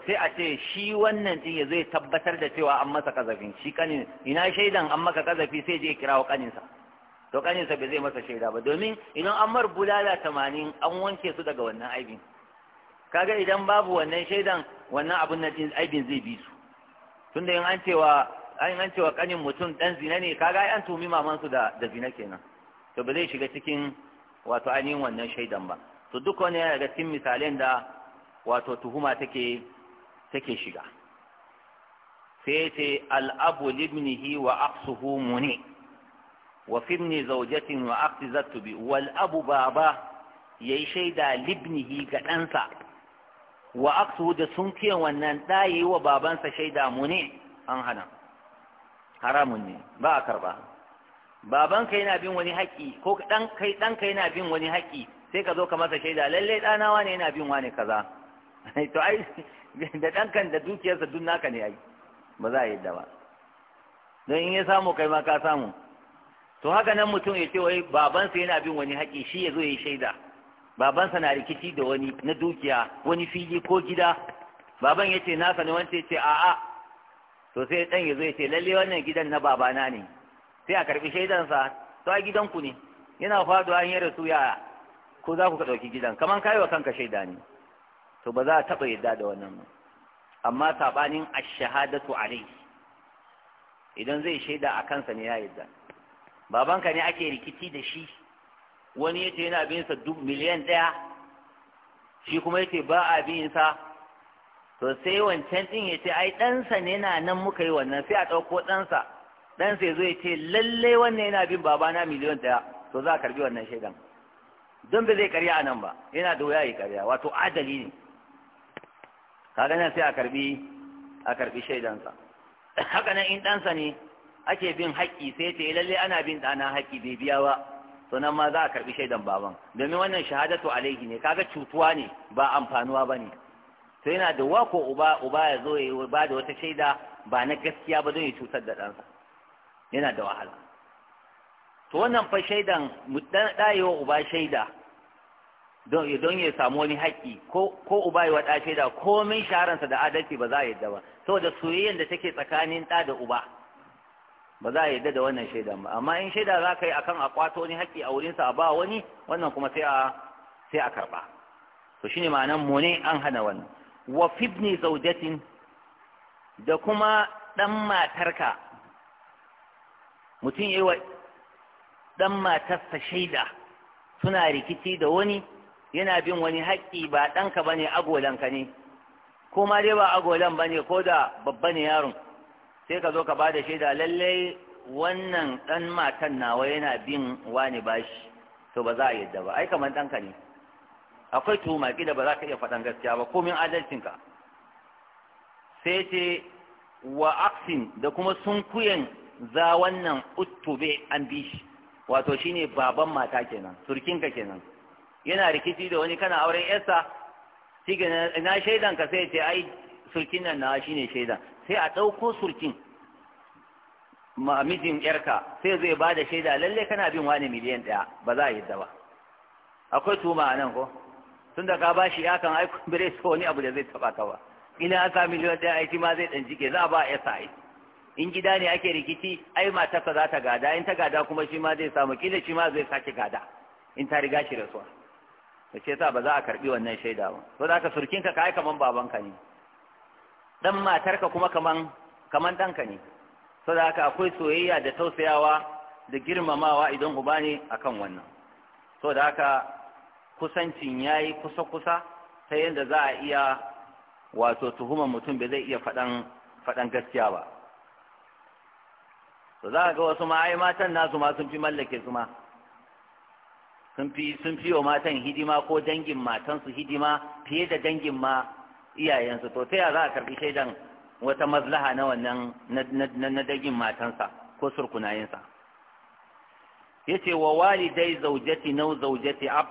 sai a ce shi wannan ɗin ya zai tabbatar da cewa an masa kazafin shi kanin ina shaidan an maka kazafi sai je wa kaninsa to kaninsa bai zai masa shaida ba domin idan an mar bulala tamanin an wanke su daga wannan aibin kaga idan babu wannan shaidan wannan abun na aibin zai bi su tunda in an cewa an an cewa kanin mutum dan zina ne kaga an tumi maman su da da zina kenan to ba zai shiga cikin wato ainihin wannan shaidan ba to duk wani ya daga cikin misalan da wato tuhuma take take shiga sai ce al'abu libnihi wa aqsuhu muni wa fi ibni zawjatin wa aqsi bi wal abu baba yayi shaida libnihi ga ɗansa wa aksu da sun kiya wannan da wa babansa shaida mu ne an hana haramun ne ba a karba babanka yana bin wani haƙi ko dan kai dan kai yana bin wani haƙi sai ka zo ka masa shaida lalle dana wane yana bin wane kaza *laughs* to ai da ɗankan da dukiyarsa duk naka ne ai ba za a yadda ba don in ya samu kai ma ka samu to haka nan mutum ya ce wai babansa yana bin wani haƙi shi ya zo ya yi shaida babansa na rikici da wani na dukiya wani fili ko gida baban ya ce nasa ne wanda ce a'a to sai dan ya zo ya ce lalle wannan gidan na babana ne sai a karbi shaidansa to a ku ne yana faduwa an yi rasu ya ko za ku ka ɗauki gidan kaman kai wa kanka shaida ne to ba za a taɓa yadda da wannan ba amma saɓanin ashahadatu alai idan zai shaida a kansa ne ya yadda babanka ne ake rikici da shi wani yace yana bin sa duk miliyan ɗaya shi kuma yace ba a bin sa to sai wancan din yace ai ɗansa ne na nan muka yi wannan sai a ɗauko ɗansa ɗansa ya zo ya ce lalle wannan yana bin babana miliyan ɗaya to za a karbi wannan shaidan don ba zai karya a nan ba yana da wuya ya karya wato adali ne kaga nan sai a karbi a karbi shaidansa haka nan in ɗansa ne ake bin haƙƙi sai ta lalle ana bin dana haƙƙi bai biya ba to nan ma za a karbi shaidan baban domin wannan shahadatu alaihi ne kaga cutuwa ne ba amfanuwa bane to yana da wako uba uba ya zo ya ba da wata shaida ba na gaskiya ba don ya cutar da ɗansa yana da wahala to wannan fa shaidan dayewa uba shaida don ya samu wani haƙƙi ko uba yi wa shaida komin sharansa da adalci ba za a yadda ba saboda soyayyen da take tsakanin ɗa da uba ba za a yadda da wannan shaida ba amma in shaida za ka yi akan a kwato ne haƙƙi a wurinsa a ba wani wannan kuma sai a sai a karɓa to shine ma'anan mu ne an hana wannan wa fibni zaujatin da kuma ɗan matarka mutum yi wa ɗan matarsa shaida suna rikici da wani yana bin wani haƙƙi ba ɗanka ba ne agolanka ne ko ma dai ba agolan ba ne ko da babba ne yaron sai ka zo ka ba da shaida lallai wannan dan matan nawa yana bin wani bashi to ba za a yadda ba ai kamar ɗanka ne akwai tumaki da ba za ka iya faɗan gaskiya ba komin adalcinka sai ce wa aksin da kuma sunkuyen za wannan uttube an bi shi wato shine baban mata kenan surkinka kenan yana rikici da wani kana auren yarsa shi na shaidan ka sai ce ai surkin nan na shine shaidan sai a ɗauko surkin mijin yarka sai zai ba da shaida lalle kana bin wani miliyan ɗaya ba za a yi ba akwai tuma a nan ko tunda ka ba shi yakan aiko *laughs* bare su wani abu da zai taba ka ba ina aka miliyan ɗaya aiki ma zai ɗan jike za a ba ya aiki. in gida ne ake rikici ai ka za ta gada in ta gada kuma shi ma zai samu kila shi ma zai sake gada in ta riga shi rasuwa da ce sa ba za a karɓi wannan shaida ba to da ka surkinka ka aika man babanka ne ɗan matarka kuma kaman kaman ɗanka ne saboda haka akwai soyayya da tausayawa da girmamawa idan uba ne akan wannan saboda haka kusancin yayi kusa kusa ta yadda za a iya wato tuhumar mutum bai zai iya faɗan faɗan gaskiya ba to za ga wasu ma ai matan nasu ma sun fi mallake su ma sun fi sun fi matan hidima ko dangin matansu hidima fiye da dangin ma iyayensu to ta ya za a karbi shaidan wata mazlaha na wannan na dagin matansa ko surkunayensa ce wa walidai zaujati nau zaujati ab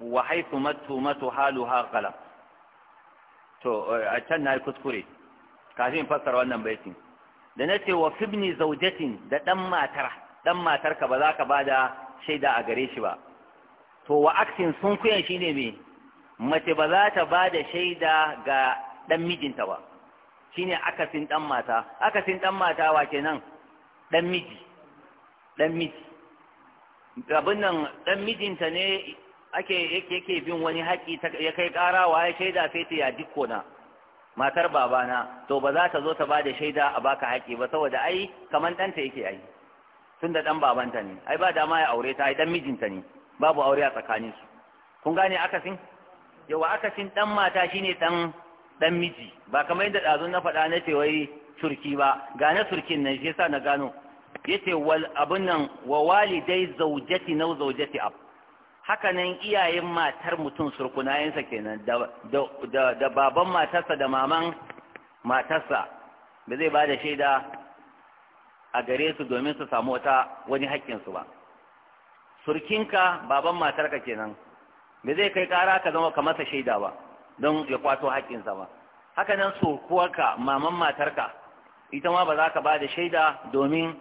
wa haifu matu matu haluha qalab to a can na kuskure kafin fassara wannan baitin da na ce wa fibni zaujatin da dan matar dan matarka ba za ka ba da shaida a gare shi ba to wa aksin sun kuyan ne me mace ba za ta ba da shaida ga ɗan mijinta ba Shi ne akasin ɗan mata akasin ɗan mata wa ke nan ɗan miji ɗan miji abin nan ɗan mijinta ne ake yake bin wani haƙƙi ya kai ƙarawa ya shaida sai ta ya kona matar babana to ba za ta zo ta ba da shaida a baka haƙƙi ba saboda ai kaman ɗanta yake ai tun da ɗan babanta ne ai ba dama ya aure ta ai ɗan mijinta ne babu aure a tsakaninsu kun gane akasin yawa akasin ɗan mata shine dan dan miji ba kamar yadda ɗazu na faɗa na wai surki ba ga na surkin nan shi yasa na gano yace wal abun nan wa walidai zaujati nau zaujati ab haka nan iyayen matar mutum surkunayensa kenan da baban matarsa da maman matarsa ba zai ba da shaida a gare su domin su samu wata wani haƙƙinsu ba surkinka baban matarka kenan me zai kai kara ka zama ka masa shaida ba don ya kwato haƙƙinsa ba haka nan kuwarka maman matarka ita ma ba za ka ba da shaida domin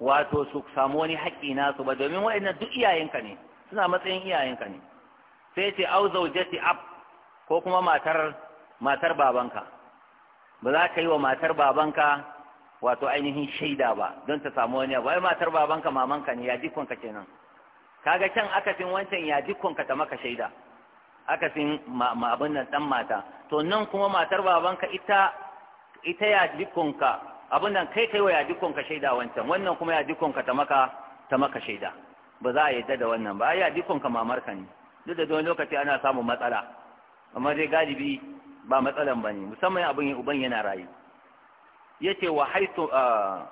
wato su samu wani haƙƙi nasu ba domin waɗannan duk iyayenka ne suna matsayin iyayenka ne sai ce au zaujati ab ko kuma matar matar babanka ba za ka yi wa matar babanka wato ainihin shaida ba don ta samu wani abu ai matar babanka mamanka ne ya jikonka kenan kaga can akasin wancan ya ka ta maka shaida akasin ma abin nan ɗan mata to nan kuma matar babanka ita ita ya ka abin nan kai kai wa ya ka shaida wancan wannan kuma ya ka ta maka ta maka shaida ba za a yadda da wannan ba ya mamar mamarka ne duk da don lokaci ana samun matsala amma dai galibi ba matsalan bane musamman abin uban yana rayu yace wa haitu ah,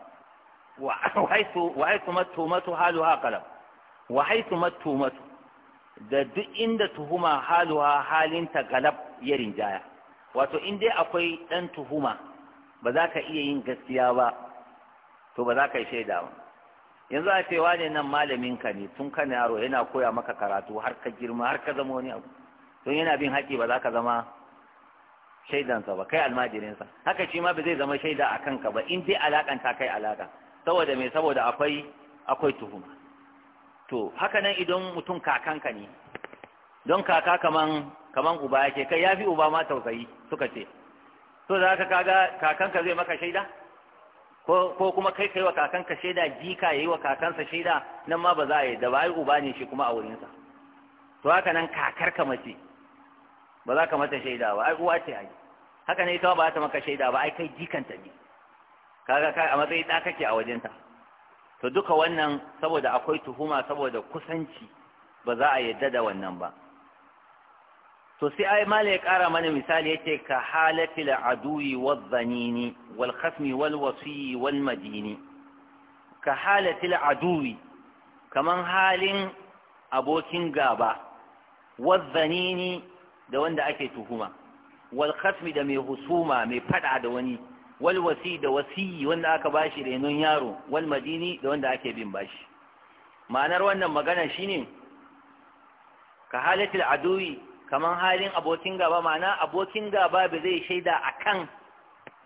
wa haitu wa haitu matu matu halu ha wa matu-matu da duk inda tuhuma halin ta galab ya rinjaya wato in dai akwai ɗan tuhuma ba za ka iya yin gaskiya ba to ba za ka yi shaida ba yanzu a ce wane nan malaminka ne tun kan yaro yana koya maka karatu har ka girma har ka zama wani abu to yana bin haƙi ba za ka zama shaidansa ba kai almajirinsa haka shi ma ba zai zama shaida a kanka ba in dai ta kai alaka saboda me saboda akwai akwai tuhuma to haka nan idan mutum kakanka ne don kaka kaman kaman uba yake kai yafi uba ma tausayi suka ce to za ka kaga kakanka zai maka shaida ko ko kuma kai kai wa kakanka shaida jika yayi wa kakansa shaida nan ma ba za a yi da bai uba ne shi kuma a wurinsa to haka nan ka mace ba za ka mata shaida ba ai uwa ce ai haka ne ita ba za ta maka shaida ba ai kai jikanta ne kaga kai a matsayin da kake a wajenta to duka wannan saboda akwai tuhuma saboda kusanci ba za a yadda da wannan ba to sai ai mala ya kara mana misali yace ka halatil aduwi wal zanini wal khasmi wal wasi wal madini ka halatil aduwi kaman halin abokin gaba wal zanini da wanda ake tuhuma wal khasmi da mai husuma mai fada da wani wal wasi da wasi wanda aka bashi renon yaro wal madini da wanda ake bin bashi ma'anar wannan magana shine ka halatul aduwi kaman halin abokin gaba ma'ana abokin gaba ba zai shaida akan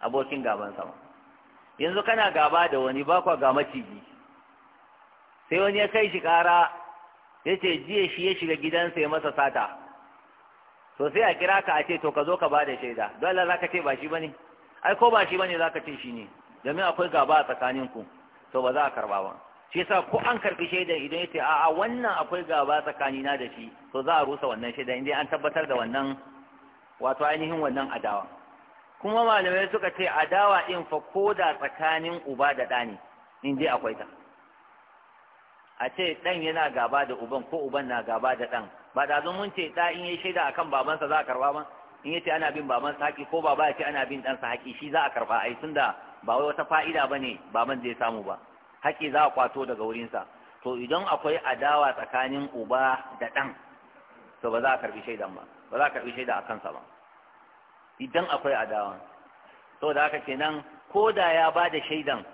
abokin gaban sama yanzu kana gaba da wani ba kwa ga maciji sai wani ya kai shi kara ya ce jiya shi ya shiga gidansa ya masa sata to sai a kira ka a ce to ka zo ka ba da shaida dole za ka ce ba shi ba ne ai ko ba shi bane zaka ce shi ne domin akwai gaba a tsakanin ku to ba za a karba ba shi yasa ko an karbi shaidan idan yace a'a wannan akwai gaba tsakanina da shi to za a rusa wannan shaidan indai an tabbatar da wannan wato ainihin wannan adawa kuma malamai suka ce adawa din fa ko da tsakanin uba da da ne indai akwai ta a ce dan yana gaba da uban ko uban na gaba da dan. ba da mun ce in yi shaida akan babansa za a karba ba in yace ana bin baban sa haƙi ko baba yace ana bin ɗansa haƙi shi za a karɓa ai tunda ba wai wata fa'ida bane baban zai samu ba haƙi za a kwato daga wurinsa to idan akwai adawa tsakanin uba da ɗan to ba za a karɓi shaidan ba ba za a karɓi shaida a kansa ba idan akwai adawa to da haka kenan ko da ya ba da shaidan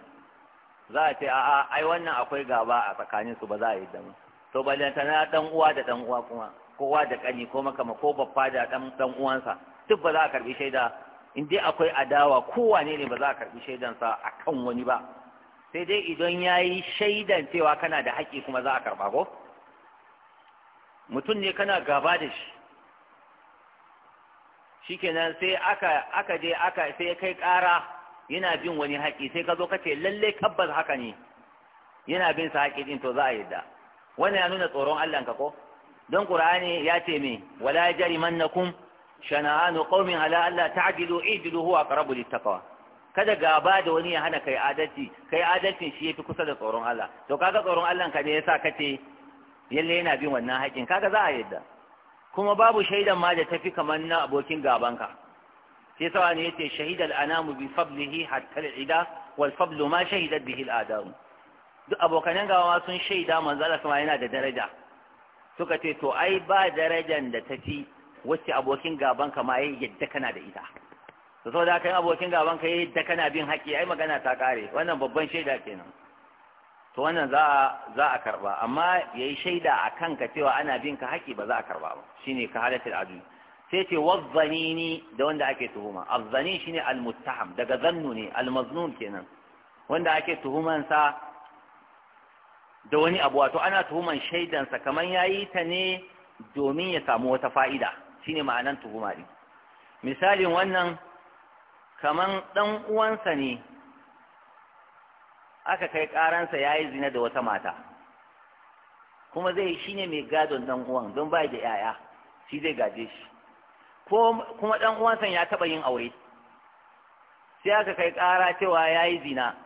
za a ce a'a ai wannan akwai gaba a tsakaninsu ba za a yi dama to balantana ɗan uwa da ɗan uwa kuma kowa da kani ko makama ko babba da dan dan uwansa duk ba za a karbi shaida in dai akwai adawa kowa ne ba za a karbi shaidansa akan wani ba sai dai idan yayi shaidan cewa kana da haƙƙi kuma za a karba ko mutum ne kana gaba da shi shikenan sai aka aka je aka sai kai ƙara yana bin wani haƙi sai ka zo ka ce lalle tabbas haka ne yana bin sa haƙi din to za a yadda wannan ya nuna tsoron Allah ka ko don ƙur'ani ya ce me wala jarimannakum shana'anu qaumin ala alla ta'dilu i'dilu huwa aqrabu littaqwa kada gaba da wani ya hana kai adalci kai adalcin shi yafi kusa da tsoron Allah to kaga tsoron Allah ka ne yasa kace yalle yana bin wannan haƙƙin? kaga za a yadda kuma babu shaidan ma da tafi kamar na abokin gabanka sai sawa ne yace shahidal anamu bi fadlihi hatta al wal fadlu ma shahidat bihi al-adam duk gaba gawa sun shaida manzala sama yana da daraja suka ce to ai ba darajan da ta fi wacce abokin gabanka ma yadda kana da ita to da haka abokin gaban ka ya yadda kana bin haƙi ai magana ta kare wannan babban shaida kenan to wannan za a za a karba amma yayi shaida a kanka cewa ana bin ka haƙi ba za a karba ba shine ka halatul adu sai ce wazzanini da wanda ake tuhuma azzanin shine almuttaham daga zannu ne almaznun kenan wanda ake tuhuman sa da wani abu wato ana tuhuman shaidansa kamar ya yi ta ne domin ya samu wata fa'ida shine ma'anan tuhuma ɗin misalin wannan kamar ɗan uwansa ne aka kai ƙaransa ya yi zina da wata mata kuma zai shi ne mai gadon ɗan uwan don bai da ‘ya'ya shi zai gaje shi kuma ɗan uwansa ya taɓa yin aure sai aka kai ƙara cewa ya yi zina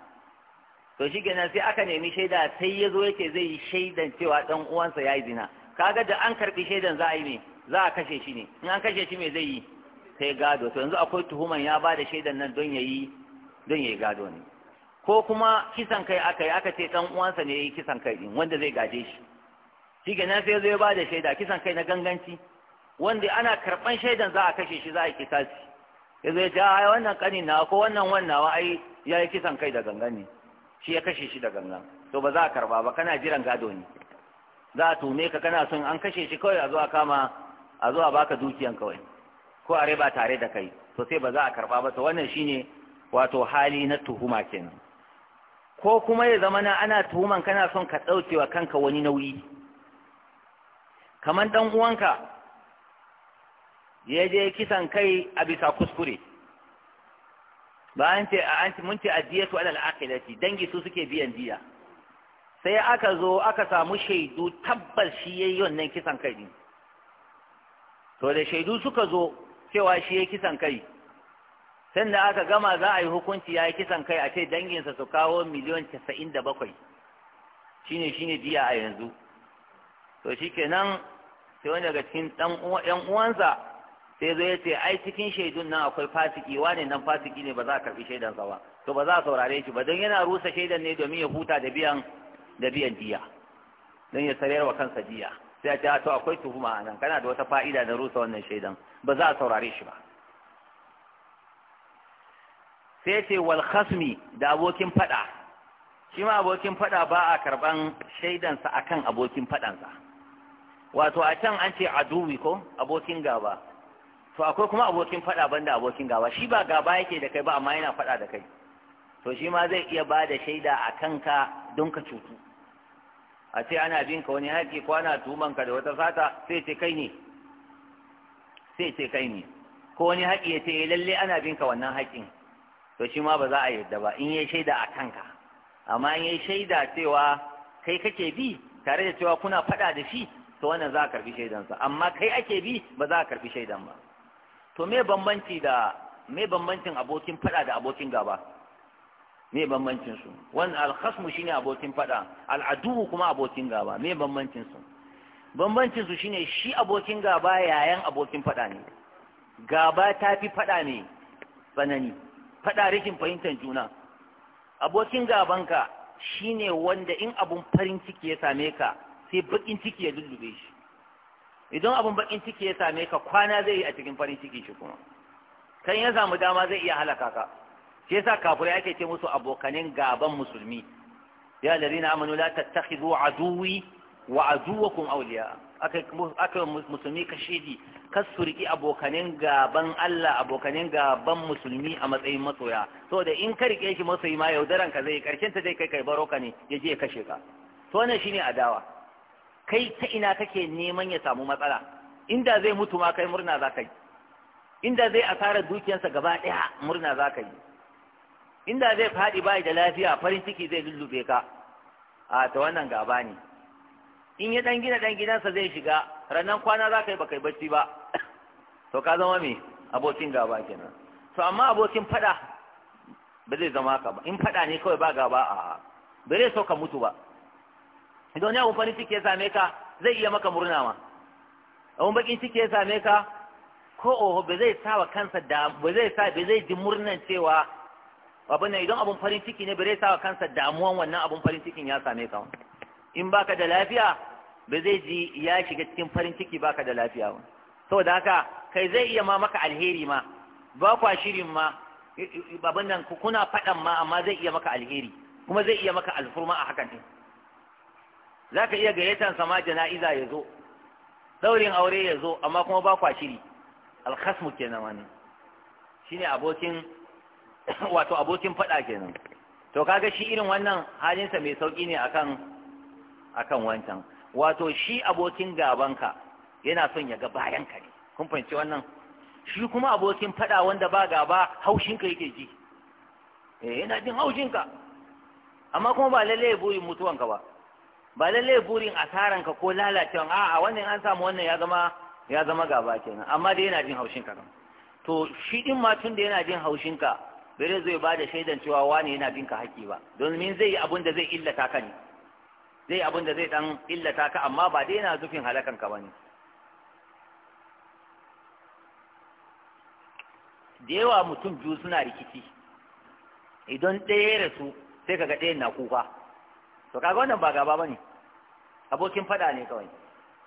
to shi kenan sai aka nemi shaida sai ya zo yake zai yi shaidan cewa dan uwansa ya yi zina kaga da an karbi shaidan za a yi ne za a kashe shi ne in an kashe shi me zai yi sai gado to yanzu akwai tuhuman ya ba da shaidan nan don ya yi don ya yi gado ne ko kuma kisan kai aka yi aka ce dan uwansa ne ya yi kisan kai din wanda zai gaje shi shi kenan sai ya zo ya ba da shaida kisan kai na ganganci wanda ana karban shaidan za a kashe shi za a kisasi ya zo ya ce ai wannan kanin na ko wannan wannan ai ya yi kisan kai da gangan ne shi ya kashe shi da gangan to ba za a karba ba kana jiran gado ne za a tume ka kana son an kashe shi kawai a zuwa kama a zuwa baka dukiyan kawai ko a riba tare da kai to sai ba za a karba ba to wannan shine wato hali na tuhuma kenan ko kuma ya zama na ana tuhuman kana son ka ɗauke wa kanka wani nauyi kamar ɗan uwanka ya je kisan kai a bisa kuskure ba an ce an mun ce addiyatu alal aqidati dangi su suke biyan diya sai aka zo aka samu shaidu tabbas shi yayi wannan kisan kai din to da shaidu suka zo cewa shi yayi kisan kai da aka gama za a yi hukunci yayi kisan kai a ce danginsa su kawo miliyan 97 shine shine diya a yanzu to shikenan sai wani daga cikin dan uwansa sai zo ya ce ai cikin shaidun nan akwai fasiki wane nan fasiki ne ba za a karbi shaidan sa ba to ba za a saurare shi ba don yana rusa shaidan ne domin ya huta da biyan da biyan diya don ya sarayar wa kansa diya sai a ce to akwai tuhuma a nan kana da wata fa'ida na rusa wannan shaidan ba za a saurare shi ba sai ce wal khasmi da abokin fada shi ma abokin fada ba a karban shaidansa akan abokin fadansa wato a can an ce aduwi ko abokin gaba to akwai kuma abokin faɗa banda abokin gaba shi ba gaba yake da kai ba amma yana faɗa da kai to shi ma zai iya ba da shaida a kanka don ka cutu a ce ana bin ka wani haƙi ko ana ka da wata fata sai ce kai ne sai ce kai ne ko wani haƙi ya ce eh, lalle ana bin ka wannan haƙin to shi ma ba za a yarda ba in yi shaida a kanka amma in yi shaida cewa kai kake bi tare da cewa kuna faɗa da shi to wannan za a karbi shaidansa amma kai ake bi ba za a karbi shaidan ba to me bambanci da me bambancin abokin fada da abokin gaba me bambancin su wannan alkhasmu shine abokin fada al'adu kuma abokin gaba me bambancin su bambancin su shine shi abokin gaba yayan abokin fada ne gaba ta fi fada ne tsanani fada rikin fahimtar juna abokin gabanka shine wanda in abun farin ciki ya same ka sai bakin ciki ya lullube shi idan abin bakin ciki ya same ka kwana zai yi a cikin farin ciki shi kuma kan ya samu dama zai iya halaka ka shi yasa kafirai ake ce musu abokanin gaban musulmi ya ladina amanu la tattakhidhu aduwi wa aduwakum awliya akai akai musulmi kashidi kasurki abokanin gaban Allah abokanin gaban musulmi a matsayin masoya saboda in ka rike shi masoyi ma yaudaran ka zai karshen ta zai kai kai baroka ka ne ya je ya kashe ka to wannan shine adawa kai ta ina kake neman ya samu matsala inda zai mutu ma kai murna za ka yi inda zai asarar dukiyarsa gaba ɗaya murna za ka yi inda zai faɗi bai da lafiya farin ciki zai lullube ka a ta wannan gaba ne in ya ɗan gina ɗan gidansa zai shiga ranar kwana za ka yi ba kai bacci ba to ka zama me abokin gaba kenan to amma abokin faɗa ba zai zama ka ba in faɗa ne kawai ba gaba a ba zai so ka mutu ba idan wani abun farin ciki ya same ka zai iya maka murna ma abun bakin ciki ya same ka ko oho ba zai sa wa kansa da ba zai sa ba zai ji murnan cewa abin idan abun farin ciki ne ba zai sa wa kansa damuwan wannan abun farin cikin ya same ka in baka da lafiya ba zai ji ya shiga cikin farin ciki baka da lafiya ba saboda haka kai zai iya ma maka alheri ma ba kwa shirin ma babin nan kuna faɗan ma amma zai iya maka alheri kuma zai iya maka alfurma a hakan din za ka iya gayyatan sama jana'iza ya zo daurin aure ya zo amma kuma ba kwa shiri alkhasmu kenan Shi ne abokin *coughs* wato abokin ke kenan to kaga shi irin wannan halinsa mai sauƙi ne akan akan wancan wato shi abokin gabanka yana son ya ga bayanka ne kun fahimci wannan shi kuma abokin faɗa wanda ba gaba haushinka yake ji eh yana jin haushinka amma kuma ba lalle ya burin mutuwanka ba ba lalle burin asaran ka ko lalacewa a'a wannan an samu wannan ya zama ya zama gaba kenan amma dai yana jin haushin ka to shi din ma tun da yana jin haushin ka bare zai ba da shaidan cewa wani yana bin ka haƙi ba domin zai yi abun da zai illata ka ne zai abun da zai dan illata ka amma ba dai yana zufin halakan ka bane da yawa mutum biyu suna rikici idan ɗaya ya rasu sai kaga ɗayan na kuka to kaga wannan ba gaba bane abokin fada ne kawai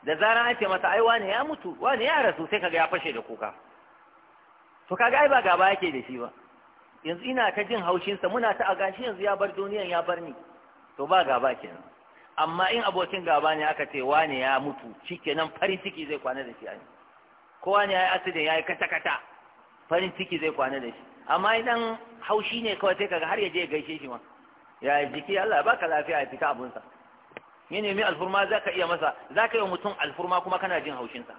da zaran an ce masa ai wane ya mutu wane ya rasu sai kaga ya fashe da kuka to kaga ai ba gaba yake da shi ba yanzu ina ta jin haushinsa muna ta agashi, gashi yanzu ya bar duniyan ya bar ni to ba gaba kenan amma in abokin gaba ne aka ce wane ya mutu shikenan farin ciki zai kwana da shi ai kowa ne ya yi accident ya yi kata kata farin ciki zai kwana da shi amma idan haushi ne kawai sai kaga har ya je gaishe shi ma ya jiki Allah ya baka lafiya ya fita abunsa ya nemi alfurma za ka iya masa za ka yi mutum alfurma kuma kana jin haushinsa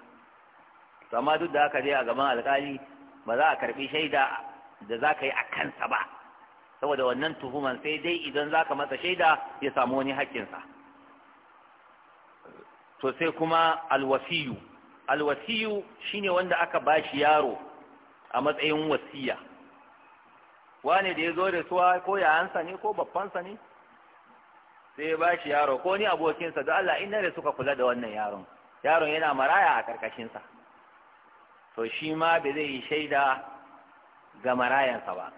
to amma duk da haka dai a gaban alkali ba za a karɓi shaida da za ka yi a kansa ba saboda wannan tuhuman sai dai idan za ka masa shaida ya samu wani haƙƙinsa to sai kuma alwasiyu alwasiyu shine wanda aka bashi yaro a matsayin wasiya wane da ya zo da suwa ko yayansa ne ko babbansa ne sai ya bashi yaro ko ni abokinsa da Allah inna da suka kula da wannan yaron yaron yana maraya a ƙarƙashinsa. to shi ma ba zai yi shaida ga marayansa ba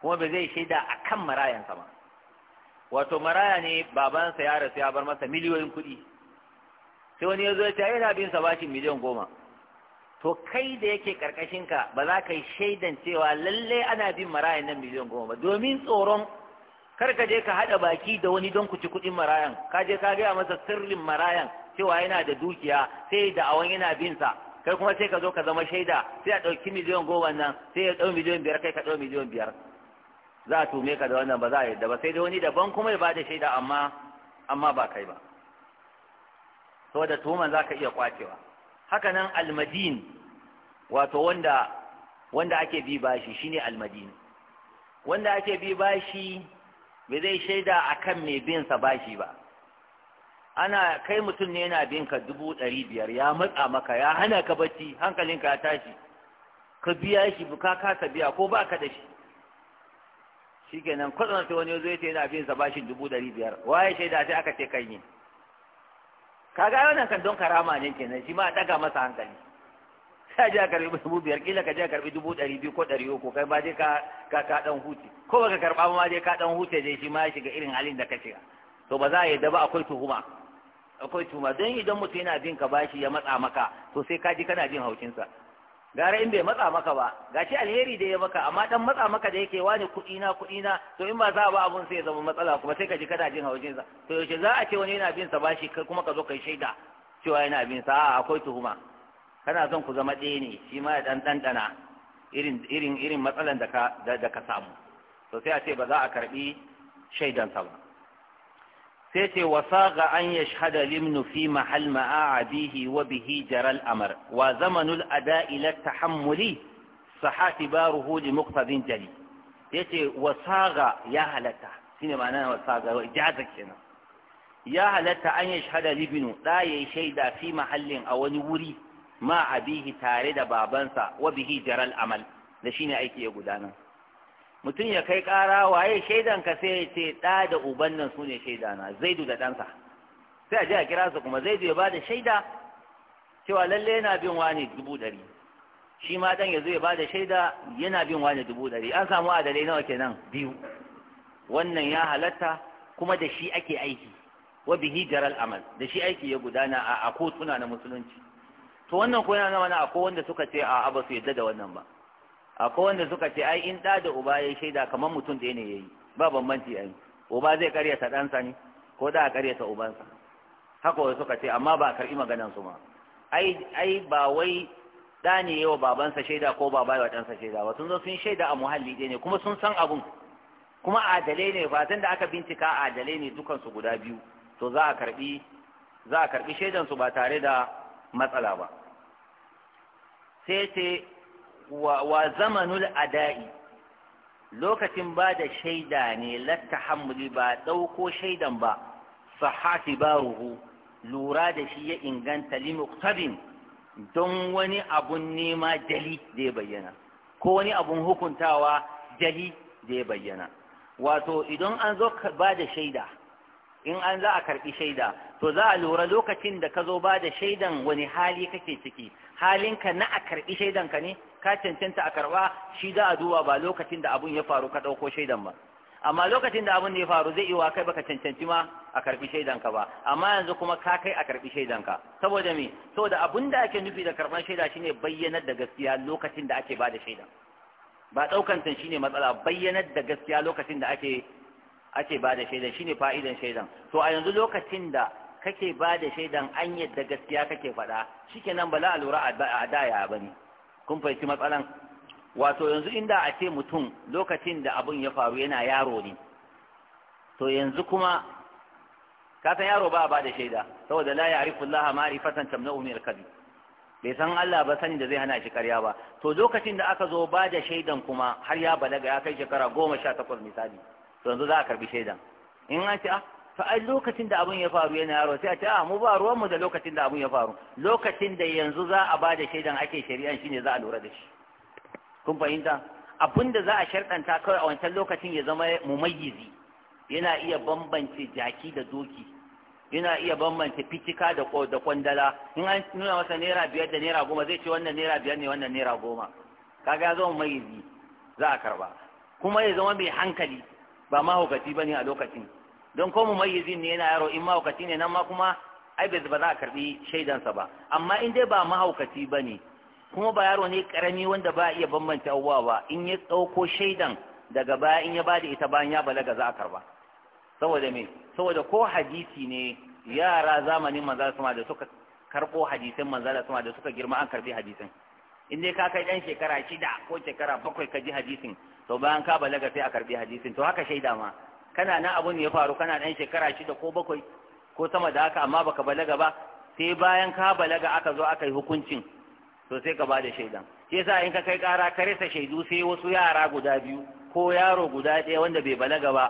kuma ba zai shaida a kan marayansa ba wato maraya ne babansa ya rasu ya bar masa miliyoyin kuɗi sai wani ya zo ya ce yana bin sa bashi miliyan goma to kai da yake ka ba za ka yi shaidan cewa lalle ana bin marayan nan miliyan goma ba domin tsoron kar ka je ka haɗa baki da wani don ku ci kuɗin marayan ka je ka gaya masa sirrin marayan cewa yana da dukiya sai da awon yana bin sa kai kuma sai ka zo ka zama shaida sai a ɗauki miliyan goma nan sai ya ɗau miliyan biyar kai ka ɗau miliyan biyar za a tume ka da wannan ba za a yadda ba sai da wani daban kuma ya ba da shaida amma amma ba kai ba saboda tuhuman za ka iya kwacewa hakanan almadin wato wanda wanda ake bi bashi shine almadin wanda ake bi bashi bai zai shaida akan mai bin sa bashi ba ana kai mutum ne yana bin ka dubu ɗari biyar ya matsa maka ya hana ka bacci hankalinka ya tashi ka biya shi ka ka biya ko baka ka da shi shikenan kwatsan sai wani zo ya yana bin sa bashin dubu ɗari biyar waye shaida sai aka ce kai ne kaga ai wannan kan don karama ne kenan shi ma a daga masa hankali *laughs* ka ji a karbi dubu biyar kila ka ji a karbi dubu ɗari biyu ko ɗari uku kai ma je ka ka ka dan huce ko baka karba ma je ka dan huce dai shi ma ya shiga irin halin da ka shiga to ba za a yadda ba akwai tuhuma akwai tuhuma don idan mutum yana bin ka bashi ya matsa maka to sai ka ji kana jin haucinsa gara in bai matsa maka ba ga shi alheri da ya maka amma dan matsa maka da yake wani kuɗi na kuɗi na to in ba za a ba abun sai ya zama matsala kuma sai ka ji kana jin haushin sa to yaushe za a ce wani yana bin sa bashi kai kuma ka zo kai shaida cewa yana bin sa a'a akwai tuhuma kana son ku zama ɗaya ne shi ma ya dan dandana irin irin irin matsalan da ka da ka samu to sai a ce ba za a karbi shaidan sa ba sai ce wasaga an yashhada limnu fi mahal ma'abihi wa bihi jaral amar wa zamanul ada'i la tahammuli sahati baruhu li muqtadin jali yace wasaga ya halatta shine ma'ana wa ijaza kenan ya halatta an yashhada libnu da yayi shaida fi mahallin a wani wuri ma abihi tare da babansa wa bihi jaral amal da shine aiki ya gudana mutum ya kai ƙara waye shaidanka sai ya ce ɗa da uban nan su ne shaidana zaidu da ɗansa sai a je a kira su kuma zaidu ya ba da shaida cewa lalle yana bin wani dubu ɗari shi ma ɗan ya zo ya ba da shaida yana bin wani dubu ɗari an samu adalai nawa kenan biyu wannan ya halatta kuma da shi ake aiki wa bihi jaral amal da shi aiki ya gudana a kotuna na musulunci to wannan ko yana nawa na akwai wanda suka ce a ba su yadda da wannan ba akwai wanda suka ce ai in da da uba ya shaida kamar mutum da ne ya yi ba bambanci ai uba zai karyata ɗansa ne ko da a karyata ubansa haka wasu suka ce amma ba karbi karɓi maganan su ma ai ai ba wai ɗa ne yawa babansa shaida ko baba wa ɗansa shaida ba sun zo sun shaida a muhalli ɗaya ne kuma sun san abun kuma adalai ne ba da aka bincika adalai ne dukansu guda biyu to za a karɓi za a shaidan shaidansu ba tare da matsala ba sai ce wa zamanul ada'i lokacin ba da shaida ne lattahammuli ba ɗauko shaidan ba sahati baruhu lura da shi ya inganta limuktabin don wani abun nema dali da bayyana ko wani abun hukuntawa dali da bayyana wato idan an zo ba da shaida in an za a karɓi shaida to za a lura lokacin da ka zo ba da shaidan wani hali kake ciki halinka na a karɓi shaidanka ne ka cancanta a karba shi za a duba ba lokacin da abun ya faru ka ɗauko shaidan ba amma lokacin da abun ne ya faru zai iwa kai baka cancanci ma a karbi ka ba amma yanzu kuma ka kai a karbi shaidanka saboda me saboda abun da ake nufi da karban shaida shine bayyanar da gaskiya lokacin da ake bada shaida ba ɗaukan tan shine matsala bayyanar da gaskiya lokacin da ake ake bada shaida shine fa'idan shaidan to a yanzu lokacin da kake bada shaidan an yadda gaskiya kake faɗa shikenan bala a lura a daya bane kun fahimci matsalan wato yanzu inda a ce mutum lokacin da abun ya faru yana yaro ne to yanzu kuma ka san yaro ba ba da shaida saboda la ya'rifu Allah ma'rifatan tamna'u min al-kadhib bai san Allah ba sani da zai hana shi karya ba to lokacin da aka zo ba da shaidan kuma har ya balaga ya kai shekara goma sha takwas misali to yanzu za a karbi shaidan in an ce ah fa a lokacin da abun ya faru yana yaro sai a ce a ah, mu ba ruwan mu da lokacin da abun ya faru lokacin da yanzu za a bada shaidan ake shari'an shine za a lura da shi kun fahimta abin da za a sharɗanta kawai a wancan lokacin ya zama mumayyizi yana iya bambance jaki da doki yana iya bambance fitika da da kwandala in an nuna masa naira biyar da naira goma zai ce wannan naira biyar ne wannan naira goma kaga ya zama mumayyizi za a karba kuma ya zama mai hankali ba mahaukaci bane a lokacin don ko mumayyizin ne yana yaro in mahaukaci ne nan ma kuma ai ba za a karbi shaidansa ba amma in dai ba mahaukaci ba ne kuma ba yaro ne karami wanda ba iya bambanta abubuwa ba in ya ɗauko shaidan daga baya in ya bada ita bayan ya balaga za a karba saboda me saboda ko hadisi ne yara zamanin manzo sama da suka karbo hadisin manzo sama da suka girma an karbi hadisin in dai ka kai dan shekara shida ko shekara bakwai ka ji hadisin to bayan ka balaga sai a karbi hadisin to haka shaida ma kana nan abun ya faru kana dan shekara shida ko bakwai ko sama da haka amma baka balaga ba sai bayan ka balaga aka zo aka yi hukuncin to sai ka bada shaidan shi yasa in ka kai ƙara ka rasa shaidu sai wasu yara guda biyu ko yaro guda ɗaya wanda bai balaga ba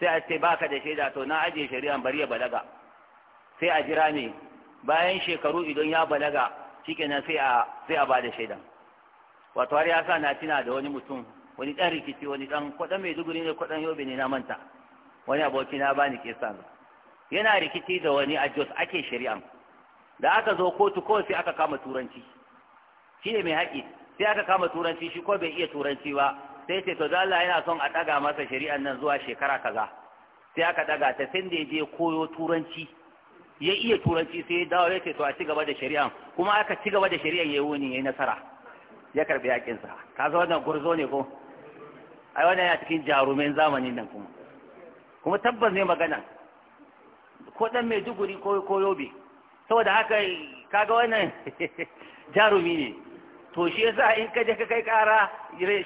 sai a ce baka da shaida to na ajiye shari'an bari ya balaga sai a jira ne bayan shekaru idan ya balaga shikenan sai a sai a bada shaidan wato har ya sa na tuna da wani mutum wani ɗan rikici wani ɗan kwadan mai duguri ne kwadan yobe ne na manta wani aboki na bani ba yana rikici da wani a Jos ake shari'an da aka zo kotu ko sai aka kama turanci shi ne mai haƙi sai aka kama turanci shi ko bai iya turanci ba sai ce to Allah yana son a ɗaga masa shari'an nan zuwa shekara kaza sai aka ɗaga ta sai da je koyo turanci ya iya turanci sai ya dawo ya ce to a ci gaba da shari'an kuma aka ci gaba da shari'an ya yi wuni ya yi nasara ya karɓi yaƙinsa ka zo wannan gurzo ne ko ai wannan ya cikin jarumin zamanin nan kuma kuma tabbas ne magana ko dan mai duguri ko ko yobe saboda haka kaga wannan *laughs* jarumi ne to shi yasa in ka je ka kai kara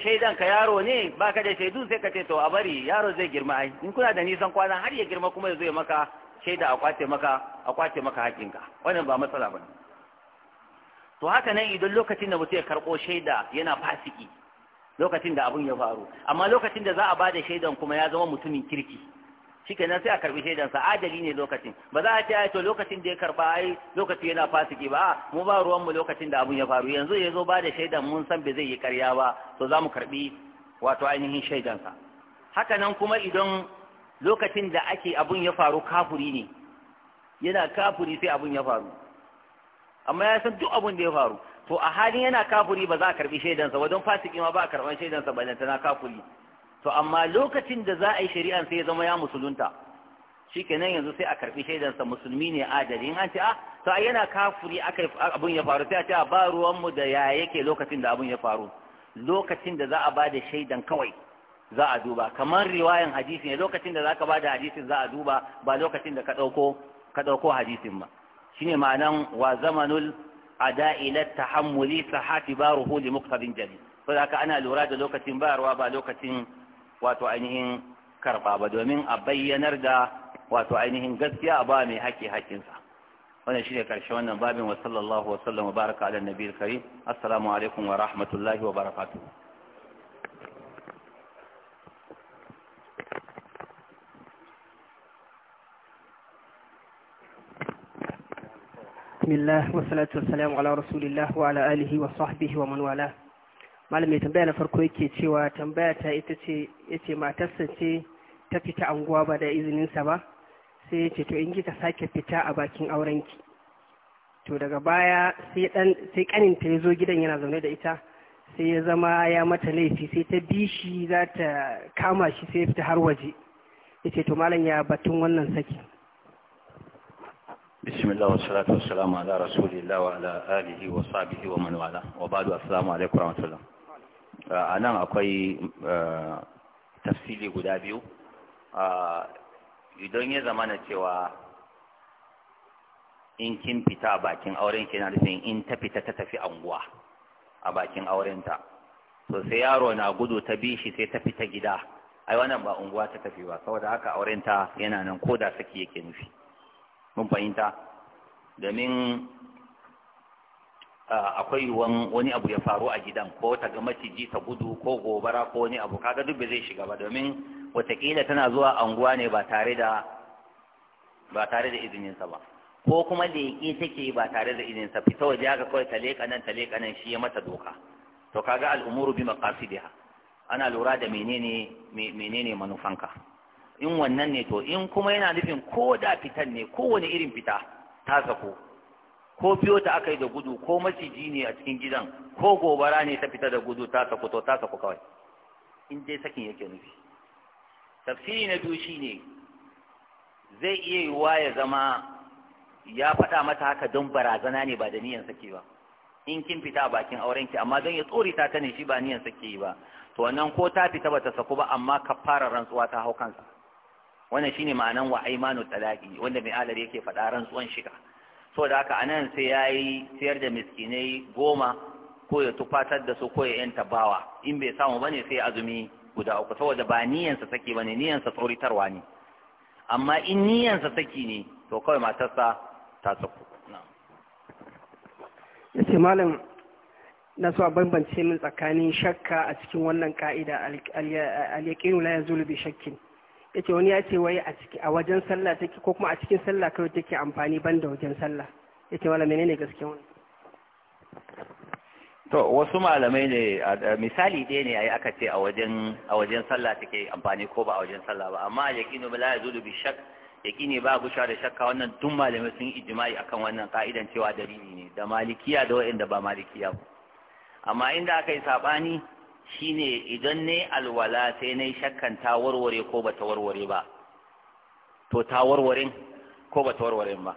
shaidan ka yaro ne baka da shaidu sai ka ce to a bari yaro zai girma ai in kuna da nisan kwana har ya girma kuma ya zo ya maka shaida a kwace maka a kwace maka hakinka wannan ba matsala ba to haka nan idan lokacin da mutum ya karɓo shaida yana fasiki lokacin da abun ya faru amma lokacin da za a da shaidan kuma ya zama mutumin kirki shikenan sai a karbi shaidan sa adali ne lokacin ba za a ce ai to lokacin da ya karba ai lokaci yana fasiki ba mu ba ruwan mu lokacin da abun ya faru yanzu ya zo ba da shaidan mun san bai zai yi ƙarya ba to za mu karbi wato ainihin shaidan sa haka nan kuma idan lokacin da ake abun ya faru kafuri ne yana kafuri sai abun ya faru amma ya san duk abun da ya faru to a halin yana kafuri ba za a karbi shaidansa wajen fasiki ma ba a karban shaidansa ba na kafuri to amma lokacin da za a yi shari'an sai ya zama ya musulunta shi kenan yanzu sai a karɓi shaidansa musulmi ne adali in an ce a, ah, to yana kafuri aka abin ya faru sai a ce a ah, ba ruwanmu da ya yake lokacin da abin ya faru lokacin da za a ba da shaidan kawai za a duba kamar riwayan hadisi ne lokacin da za ka ba da hadisin za a duba ba lokacin da ka ɗauko ka ɗauko hadisin ba shine ma'anan wa zamanul ada'i la tahammuli sahati baruhu li muqtadin jali saboda ana lura da lokacin bayarwa ba lokacin wato ainihin karɓa ba domin a bayyanar da wato ainihin gaskiya ba mai haƙƙi haƙƙinsa wannan ne karshe wannan babin wa sallallahu wa sallam wa baraka ala nabiyil karim assalamu alaikum wa rahmatullahi wa barakatuh بسم الله والصلاة والسلام على رسول الله وعلى آله وصحبه ومن والاه malam mai tambaya na farko yake cewa tambaya ta ita ce yace matarsa ce ta fita anguwa ba da izininsa ba sai ya ce to in kika sake fita a bakin aurenki to daga baya sai dan sai kaninta ya zo gidan yana zaune da ita sai ya zama ya mata laifi sai ta bi shi za ta kama shi sai ya fita har waje yace to malam ya batun wannan saki بسم الله والصلاة ala rasulillah wa الله وعلى wa وصحبه wa man وبعد wa عليكم ورحمة الله a nan akwai eh, tafsili guda biyu idan ya zama na cewa in kin fita a bakin auren ke na rufin in ta fita ta tafi anguwa a bakin aurenta to sai yaro na gudu ta bi shi sai ta fita gida ai wannan ba unguwa ta tafi ba saboda haka auren ta yana nan ko da saki yake nufi mun fahimta domin Ah, akwai wani abu ya faru a gidan ko ta ga maciji ta gudu ko gobara ko wani abu kaga duk ba zai shiga ba domin watakila tana zuwa anguwa ne ba tare da ba tare izininsa ba ko kuma leƙe take ba tare da izininsa fita waje haka kawai ta leƙa nan ta leƙa nan shi ya mata doka to kaga al'umuru bi maqasidiha ana lura da menene menene manufanka in wannan ne to in kuma yana nufin ko da fitan ne kowane irin fita ta sako ko biyo ta aka yi da gudu ko maciji ne a cikin gidan ko gobara ne ta fita da gudu ta sakuto ta saku kawai in dai sakin yake nufi tafsiri na biyu ne. zai iya yiwuwa ya zama ya faɗa mata haka don barazana ne ba da niyan sake ba in kin fita a bakin aurenki amma don ya tsorita ta ne shi ba niyan sake yi ba to wannan ko ta fita ba ta saku ba amma ka fara rantsuwa ta hau kansa wannan shine ma'anan wa aimanu talaqi wanda mai alar yake faɗa rantsuwan shiga so da anan sai ya yi siyar da miskinai goma ko ya tufatar da su ko ya yanta bawa in bai samu ba ne sai azumi guda uku saboda ba niyansa saki ba ne niyansa tsoritarwa ne amma in niyansa saki ne to kawai matarsa ta saku ya ce malam na so a bambance min tsakanin shakka a cikin wannan ka'ida al-yaqinu la yazulu bi shakkin yake wani ya ce wai a ciki a wajen sallah take ko kuma a cikin sallah kawai take amfani ban da wajen sallah yake wala menene gaske wani to wasu malamai ne misali ɗaya ne ai aka ce a wajen a wajen sallah take amfani ko ba a wajen sallah ba amma yakinu la yazudu bi shakk ne ba gusha da shakka wannan duk malamai sun ijma'i akan wannan ka'idan cewa dalili ne da malikiya da wa'anda ba malikiya ba amma inda aka yi sabani shine idan ne alwala sai na shakkan ta warware ko ba ta warware ba to ta warware ko ba ta warware ba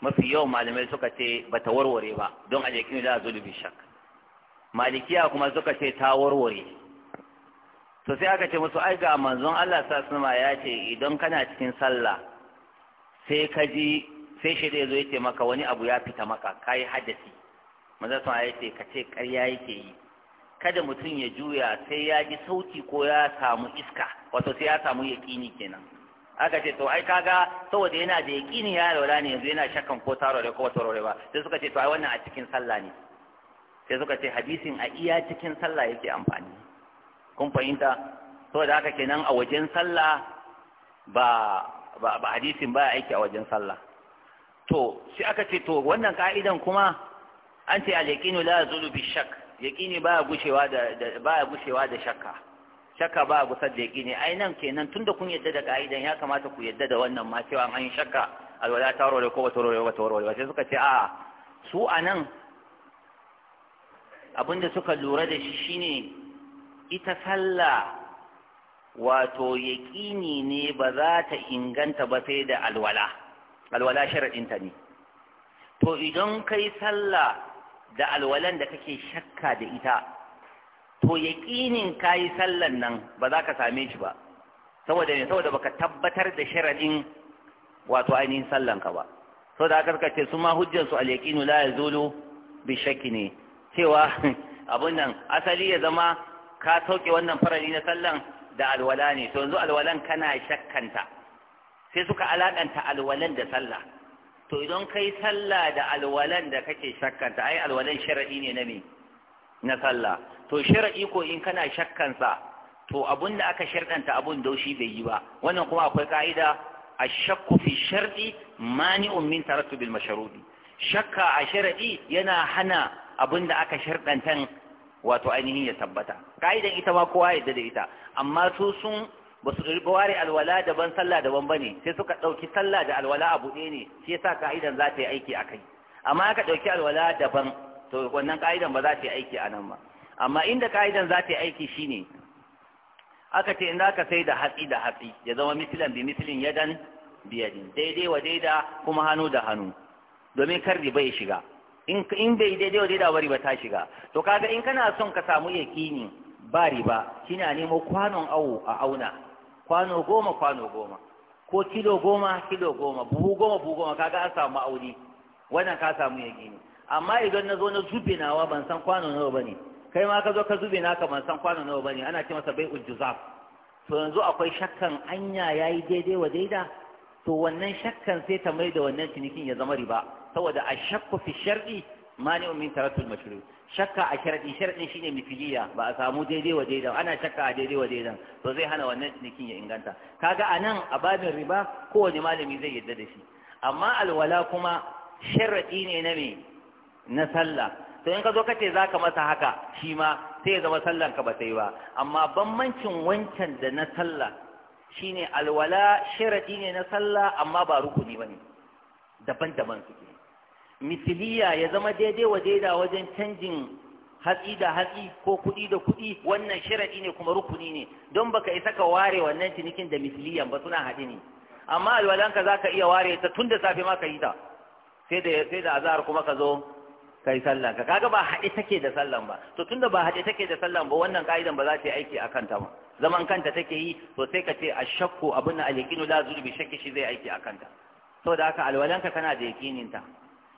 mafi yawan malamai suka ce ba ta warware ba don a jikin da bishak. shak malikiya kuma suka ce ta warware to sai aka ce musu ai ga manzon Allah sallallahu ya ce idan kana cikin sallah sai ka ji sai shi zai zo ya ce maka wani abu ya fita maka kai hadasi manzon sallallahu ya ce ka ce ƙarya yake yi kada mutum ya juya sai ya ji sauti ko ya samu iska wato sai ya samu yaƙini kenan aka ce to ai kaga saboda yana da yaƙini ya laura ne yanzu yana shakkan ko ta ko ta ba sai suka ce to ai wannan a cikin sallah ne sai suka ce hadisin a iya cikin sallah yake amfani kun fahimta saboda haka kenan a wajen sallah ba ba hadisin ba aiki a wajen sallah to sai aka ce to wannan ka'idan kuma an ce al-yaqinu la zulu bi shakk yaƙini ya gushewa da ya gushewa da shakka shakka ya gusar da yaƙini ai nan kenan tunda kun yadda da ka'idan ya kamata ku yadda da wannan ma cewa an yi shakka alwala ta rore ko bata ta bata rore sai suka ce a su anan abinda suka lura da shi shine ita sallah wato yaƙini ne ba za ta inganta ba sai da alwala alwala sharaɗinta ne to idan kai sallah da alwalan da kake shakka da ita to yaƙinin kayi sallan nan ba za ka same shi ba saboda ne saboda baka tabbatar da sharadin wato ainihin sallan ka ba saboda haka suka ce su ma hujjar su alyaqinu la yazulu bi shakki ne cewa *laughs* abun nan asali ya zama ka sauke wannan farali na sallan da alwala ne to yanzu alwalan kana shakkanta sai suka alakanta alwalan da sallah to idan kai sallah da alwalan da kake shakkanta ai alwalan shar'i ne na me na sallah to shar'i ko in kana shakkansa to abun da aka sharɗanta abun daushi bai yi ba wannan kuma akwai ka'ida ashakku fi shar'i mani'un min tarattubil masharudi shakka a shar'i yana hana abun da aka sharɗantan wato ainihin ya tabbata ka'idan ita ma kowa ya da ita amma su sun ba su ɗari ware alwala daban sallah daban bane sai suka ɗauki sallah da alwala abu buɗe ne shi yasa ka'idan za ta yi aiki a kai amma ka ɗauki alwala daban to wannan ka'idan ba za ta yi aiki a nan ba amma inda ka'idan za ta yi aiki shi ne, aka ce inda za ka sai da hatsi da hatsi ya zama misilan bi misilin yadan biyadin daidai wa daida kuma hannu da hannu domin kar riba ya shiga in bai daidai wa daida ba riba ta shiga to kaga in kana son ka samu yakini ba riba shine a nemo kwanon awo a auna kwano goma kwano goma ko kilo goma kilo goma buhu goma buhu goma kaga an samu ma'auni wannan ka samu ya gini, amma idan na zo na zube nawa ban san kwano nawa bane kai ma ka zo ka zube naka ban san kwano nawa bane ana ce masa bai to yanzu akwai shakkan anya yayi daidai wa daida to wannan shakkan sai ta mai da wannan cinikin ya zama riba saboda ashakku fi shar'i mani'un min taratul mashru' shakka a sharadi sharadin shine mithiliya ba a samu daidai wa daidai ana shakka a daidai wa daidai to zai hana wannan cinikin ya inganta kaga anan a babin riba kowane malami zai yadda da shi amma alwala kuma sharaɗi ne na me na sallah to in ka zo kace zaka masa haka shi ma sai ya zama sallan ka ba sai ba amma bambancin wancan da na sallah shine alwala sharaɗi ne na sallah amma ba rukuni bane daban-daban suke misiliya ya zama daidai wa daida wajen canjin hatsi da hatsi ko kuɗi da kuɗi wannan sharaɗi ne kuma rukuni ne don baka isa ka ware wannan cinikin da misiliyan ba suna haɗe ne amma alwalanka za ka iya ware ta tun da safe ma ka yi ta sai da sai da azahar kuma ka zo ka yi sallan ka kaga ba haɗe take da sallan ba to tunda ba haɗe take da sallan ba wannan ka'idan ba za ta yi aiki a kanta ba zaman kanta take yi to sai ka ce a shakku abin na alikinu la zulbi shakki shi zai aiki a kanta saboda haka alwalanka kana da yaqinin ta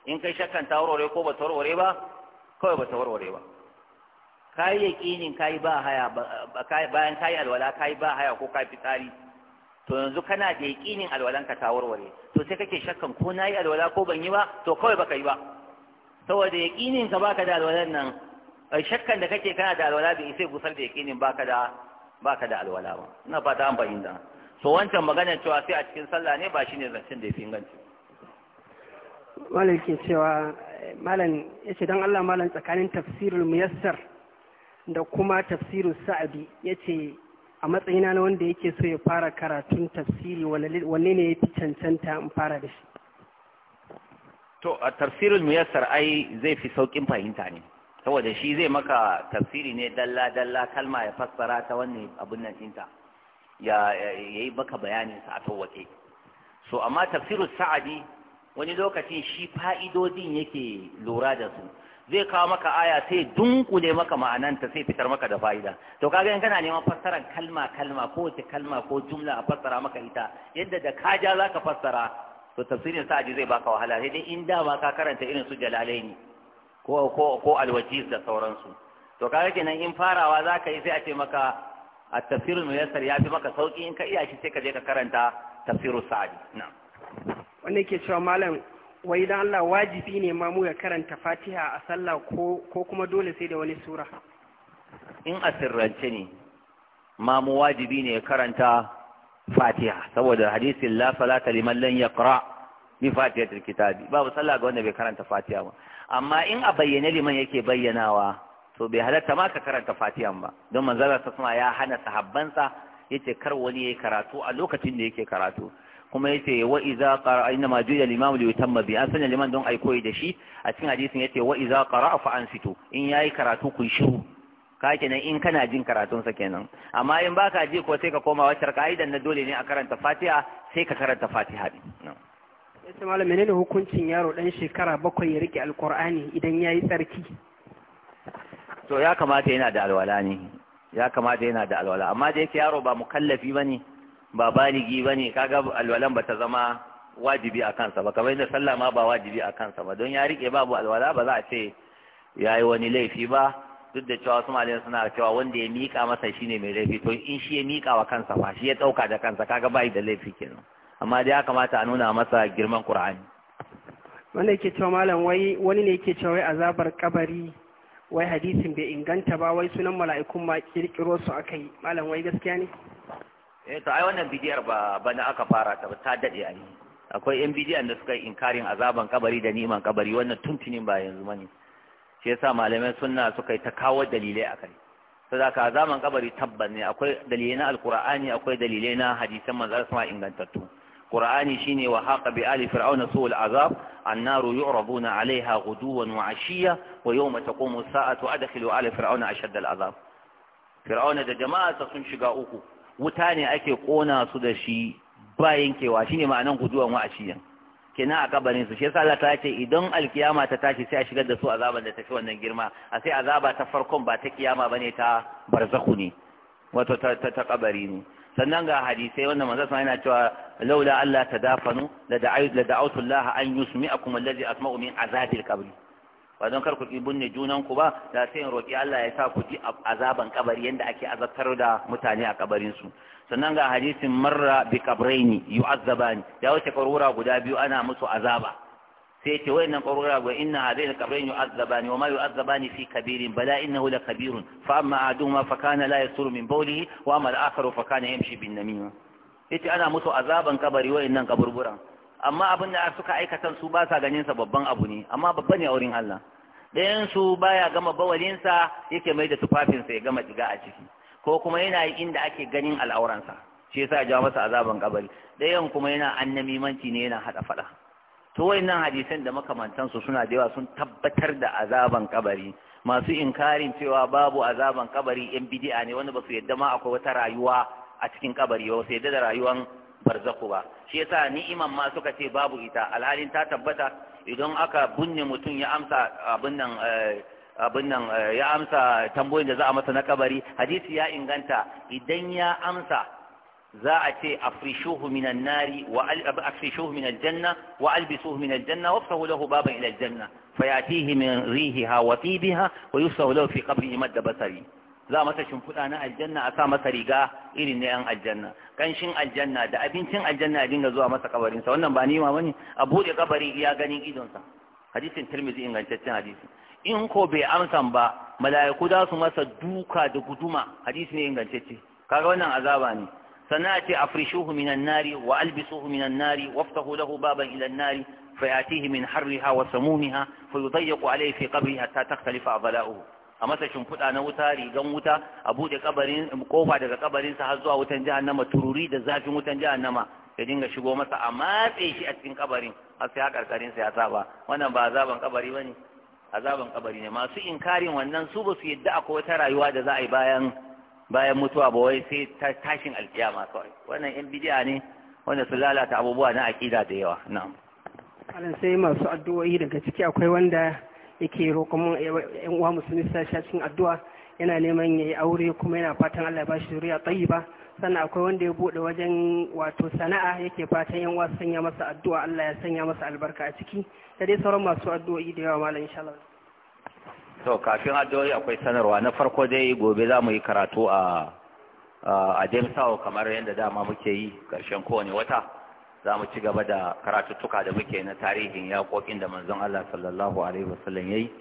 in kai shakkan ta warware ko ba ta warware ba kawai ba ta warware ba kai yaqinin kai ba haya bayan kai alwala kai ba haya ko kai fitsari to yanzu kana da yaƙinin alwalan ka ta warware to sai kake shakkan ko nayi alwala ko ban yi ba to kawai baka yi ba saboda yaƙinin ka baka da alwalan nan shakkan da kake kana da alwala bai sai gusar da yaƙinin baka da baka da alwala ba ina fata an bayyana so wancan magana cewa sai a cikin sallah ne ba shine zancen da yafi inganci malam ke cewa malam yace dan Allah malam tsakanin tafsirul muyassar da kuma tafsirul sa'abi yace a matsayina na wanda yake so ya fara karatun tafsiri wanne ne ya fi cancanta in fara da shi to a tafsirul muyassar ai zai fi saukin fahimta ne saboda shi zai maka tafsiri ne dalla dalla kalma ya fassara ta wanne abun nan dinta ya yi maka bayanin sa a tawwake so amma tafsirul sa'adi wani lokacin shi fa'idodin yake lura da su zai kawo maka aya sai dunkule maka ma'ananta sai fitar maka da fa'ida to kaga yin kana neman fassarar kalma kalma ko wace kalma ko jumla a fassara maka ita yadda da kaja ja ka fassara to tafsirin sa'adi zai baka wahala sai dai in da ka karanta irin su Jalalai ne ko ko alwajiz da sauransu to kaga kenan in farawa zaka yi sai a ce maka at-tafsirul muyassar yafi maka sauki in ka iya shi sai ka je ka karanta tafsirus sa'adi wanda yake cewa malam wai idan Allah wajibi ne ma mu ya karanta Fatiha a sallah ko kuma dole sai da wani sura in sirrance ne ma mu wajibi ne ya karanta Fatiha saboda hadisin la salata liman lan yaqra bi fatihatil kitabi babu sallah ga wanda bai karanta Fatiha ba amma in a bayyane liman yake bayyanawa to bai halatta ma ka karanta Fatiha ba don manzala ta ya hana sahabbansa yace kar wani yayi karatu a lokacin da yake karatu kuma yace wa idza ƙara inna ma juya al-imam li yutamma bi an sanin liman don ai koyi da shi a cikin hadisin yace wa idza qara fa ansitu in ya yi karatu ku shiru ka kenan in kana jin karatun sa kenan amma in ba ka je ko sai ka koma wacce ka'idan na dole ne a karanta Fatiha sai ka karanta Fatiha din sai malam menene hukuncin yaro dan shekara bakwai ya rike alqur'ani idan ya yi tsarki to ya kamata yana da alwala ne ya kamata yana da alwala amma da yake yaro ba mukallafi ne. ba baligi ba ne kaga alwalan ba ta zama wajibi a kansa ba kamar yadda sallah ma ba wajibi a kansa ba don ya rike babu alwala ba za a ce ya yi wani laifi ba duk da cewa wasu suna cewa wanda ya miƙa masa shi ne mai laifi to in shi ya miƙa wa kansa ba shi ya ɗauka da kansa kaga bayi da laifi kenan amma dai ya kamata a nuna masa girman Qur'ani wanda yake cewa malam wai wani ne yake cewa wai azabar kabari wai hadisin bai inganta ba wai sunan mala'ikun ma kirkiro su akai malam wai gaskiya ne eh to ai wannan bidiyar ba bana aka fara ta ba ta dade ai akwai yan bidiyan da suka yi inkarin azaban kabari da niman kabari wannan tuntunin ba yanzu bane shi yasa malaman sunna suka yi ta kawo dalilai akai sadaka azaban kabari tabban ne akwai dalilai na alqur'ani akwai dalilai na hadisan manzon sama ingantattu qur'ani shine wa haqa bi ali fir'auna su'ul azab annaru yu'raduna 'alayha ghuduwan wa 'ashiyya wa yawma taqumu as-sa'atu adkhilu ali fir'auna ashadda al-azab fir'auna da jama'arsa sun shiga uku wuta ne ake kona su da shi ba yankewa shine ma'anan guduwan wa'ashiyan kenan a kabarin su shi yasa Allah ta ce idan alkiyama ta tashi sai a shigar da su azaban da ta fi wannan girma a sai azaba ta farkon ba ta kiyama bane ta barzakhu ne wato ta ta kabari ne sannan ga hadisai wanda manzo sai yana cewa laula Allah tadafanu la da'aytu la da'awtu Allah an yusmi'akum alladhi asma'u min azabil qabri ba don kar ku ki binne junan ku ba da sai in roki Allah ya sa ku ji azaban kabari yanda ake azabtar da mutane a kabarin su sannan ga hadisin marra bi kabraini yu'azzabani ya wuce karura guda biyu ana musu azaba sai ce wayannan qarura wa inna hadhihi al-qabrayn yu'azzabani wa ma yu'azzabani fi kabirin bala innahu la kabirun fa amma aduhuma fa kana la yasuru min bawlihi wa amma al-akharu fa kana yamshi bin namima yace ana musu azaban kabari wayannan kaburburan amma abin da suka aikatan su ba sa ganin sa babban abu ne amma babba ne a wurin Allah ɗayansu baya gama bawalinsa yake mai da tufafinsa ya gama jiga a ciki ko kuma yana yi inda ake ganin al'auransa shi yasa ya jawo masa azaban kabari ɗayan kuma yana annamimanci ne yana haɗa faɗa to wayannan hadisan da su suna da yawa sun tabbatar da azaban kabari masu inkarin cewa babu azaban kabari yan bid'a ne wanda ba su yadda ma akwai wata rayuwa a cikin kabari ba su yadda da rayuwan barzaku ba shi yasa ni'iman ma suka ce babu ita alhalin ta tabbata idan aka binne mutum ya amsa abin nan eh, abin nan eh, ya amsa tambayoyin da za a masa na kabari hadisi ya inganta idan ya amsa za a ce afrishuhu minan nari wa afrishuhu janna wa albisuhu minal janna lahu baban ila janna. fayatihi min rihiha wa tibiha wa yusahu lahu fi qabri madda basari za masa shimfiɗa na aljanna a sa masa riga irin na yan aljanna kanshin aljanna da abincin aljanna ya dinga zuwa masa kabarinsa wannan ba nima bane a buɗe kabari ya ganin idonsa hadisin tirmidhi ingantaccen hadisi in ko bai amsa ba mala'iku za su masa duka da guduma hadisi ne ingantacce kaga wannan azaba ne sannan a ce afrishuhu minan nari wa albisuhu minan nari waftahu lahu baban ila nari fayatihi min harriha wa samumiha fayudayyiqu alayhi fi qabrihi hatta takhtalifa adla'uhu a masa shimfiɗa na wuta rigan wuta a buɗe kabarin kofa daga kabarinsa har zuwa wutan jahannama tururi da zafin wutan jahannama ya dinga shigo masa a matse shi a cikin kabarin har sai karkarinsa ya saba wannan ba azaban kabari ba ne azaban kabari ne masu inkarin wannan su ba su yadda akwai wata rayuwa da za a yi bayan bayan mutuwa ba wai sai tashin alkiyama kawai wannan yan bidiya ne wanda su lalata abubuwa na aƙida da yawa na'am sai masu addu'o'i daga ciki akwai wanda yake roƙon yan eh, uwa musulmi sa shi cikin addu'a yana neman ya yi aure kuma yana fatan Allah ya bashi zuriya tayyiba sannan akwai wanda ya bude wajen wato sana'a yake fatan yan uwa sanya masa addu'a Allah ya sanya masa albarka a ciki da dai sauran masu addu'o'i da yawa malam insha Allah to kafin addu'o'i akwai sanarwa na farko dai gobe za mu yi karatu a a Jamesaw kamar yadda dama muke yi karshen kowane wata za mu ci gaba da karatuttuka da muke na tarihin yaƙoƙin da manzon Allah sallallahu alaihi wasallam yayi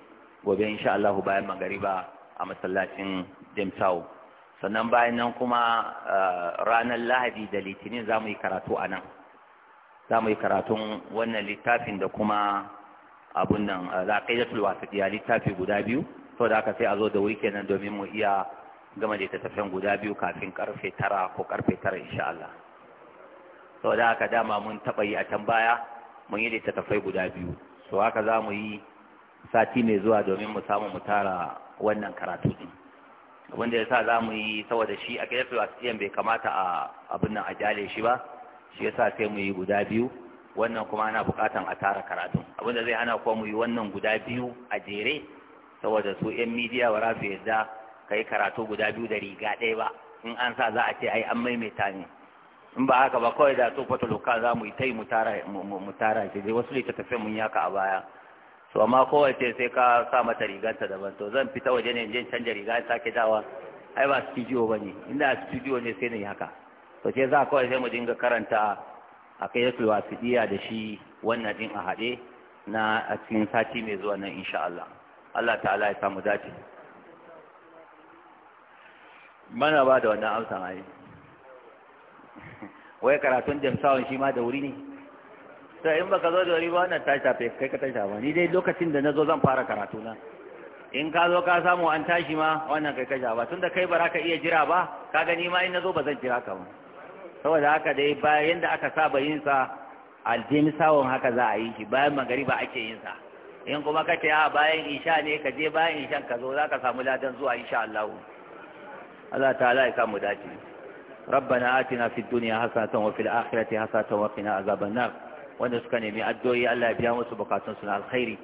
gobe insha Allah bayan magariba a masallacin Demtau sannan bayan nan kuma eh, ranar Lahadi da Litinin za mu yi karatu anan, nan za mu yi karatun wannan littafin da kuma abun nan za eh, laqidatul wasitiya littafi guda biyu da aka sai a zo da wuri kenan domin mu iya gama da tafiyan guda biyu kafin karfe tara ko karfe tara insha Allah sau da haka dama mun taɓa yi a can baya mun yi littattafai guda biyu so haka za mu yi sati mai zuwa domin mu samu mu tara wannan karatu din abin da ya sa za mu yi saboda shi a gefe asiyan bai kamata a abin nan a jale shi ba shi ya sa sai mu yi guda biyu wannan kuma ana buƙatan a tara karatu abin da zai hana kuma mu yi wannan guda biyu a jere saboda su yan midiya ba su yadda ka yi karatu guda biyu da riga ɗaya ba in an sa za a ce ai an maimaita ne in ba haka ba kawai da tofata loka za mu yi ta yi mu tara shi dai wasu littattafai mun yaka a baya to amma ce sai ka sa mata riganta daban to zan fita waje ne in canja riga ya sake dawa ai ba studio ba ne inda studio ne sai na yi haka to ce za kawai sai mu dinga karanta a kai yasu wasiɗiya da shi wannan din a haɗe na a cikin sati mai zuwa nan insha Allah Allah ta'ala ya samu dace mana ba da wannan amsa ne wai karatun jamsawan shi ma da wuri ne sai in baka zo da wuri ba wannan ta shafe kai ka ta shafa ni dai lokacin da na zo zan fara karatu na in ka zo ka samu an tashi ma wannan kai ka shafa tunda kai ba ka iya jira ba ka gani ma in na zo ba zan jira ka ba saboda haka dai bayan da aka saba yin sa aljimsawan haka za a yi shi bayan magariba ake yin sa in kuma ka ce a bayan isha ne ka je bayan isha ka zo za ka samu ladan zuwa insha Allah Allah ta'ala ya kamu dace ربنا آتنا في الدنيا حسنة وفي الآخرة حسنة وقنا عذاب النار ونسكن من nemi ألا Allah ya بقاتنا musu الخير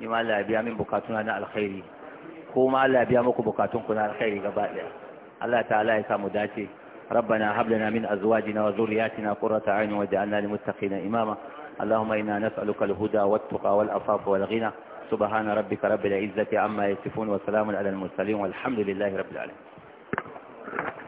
لما alkhairi ni من بقاتنا نع الخير كوما bukatuna na alkhairi بقاتنا نع الخير ya biya muku bukatunku ربنا هب لنا من أزواجنا وذرياتنا قرة عين وجعلنا للمتقين إماما اللهم إنا نسألك الهدى والتقى والعفاف والغنى سبحان ربك رب العزة عما يصفون وسلام على المرسلين والحمد لله رب العالمين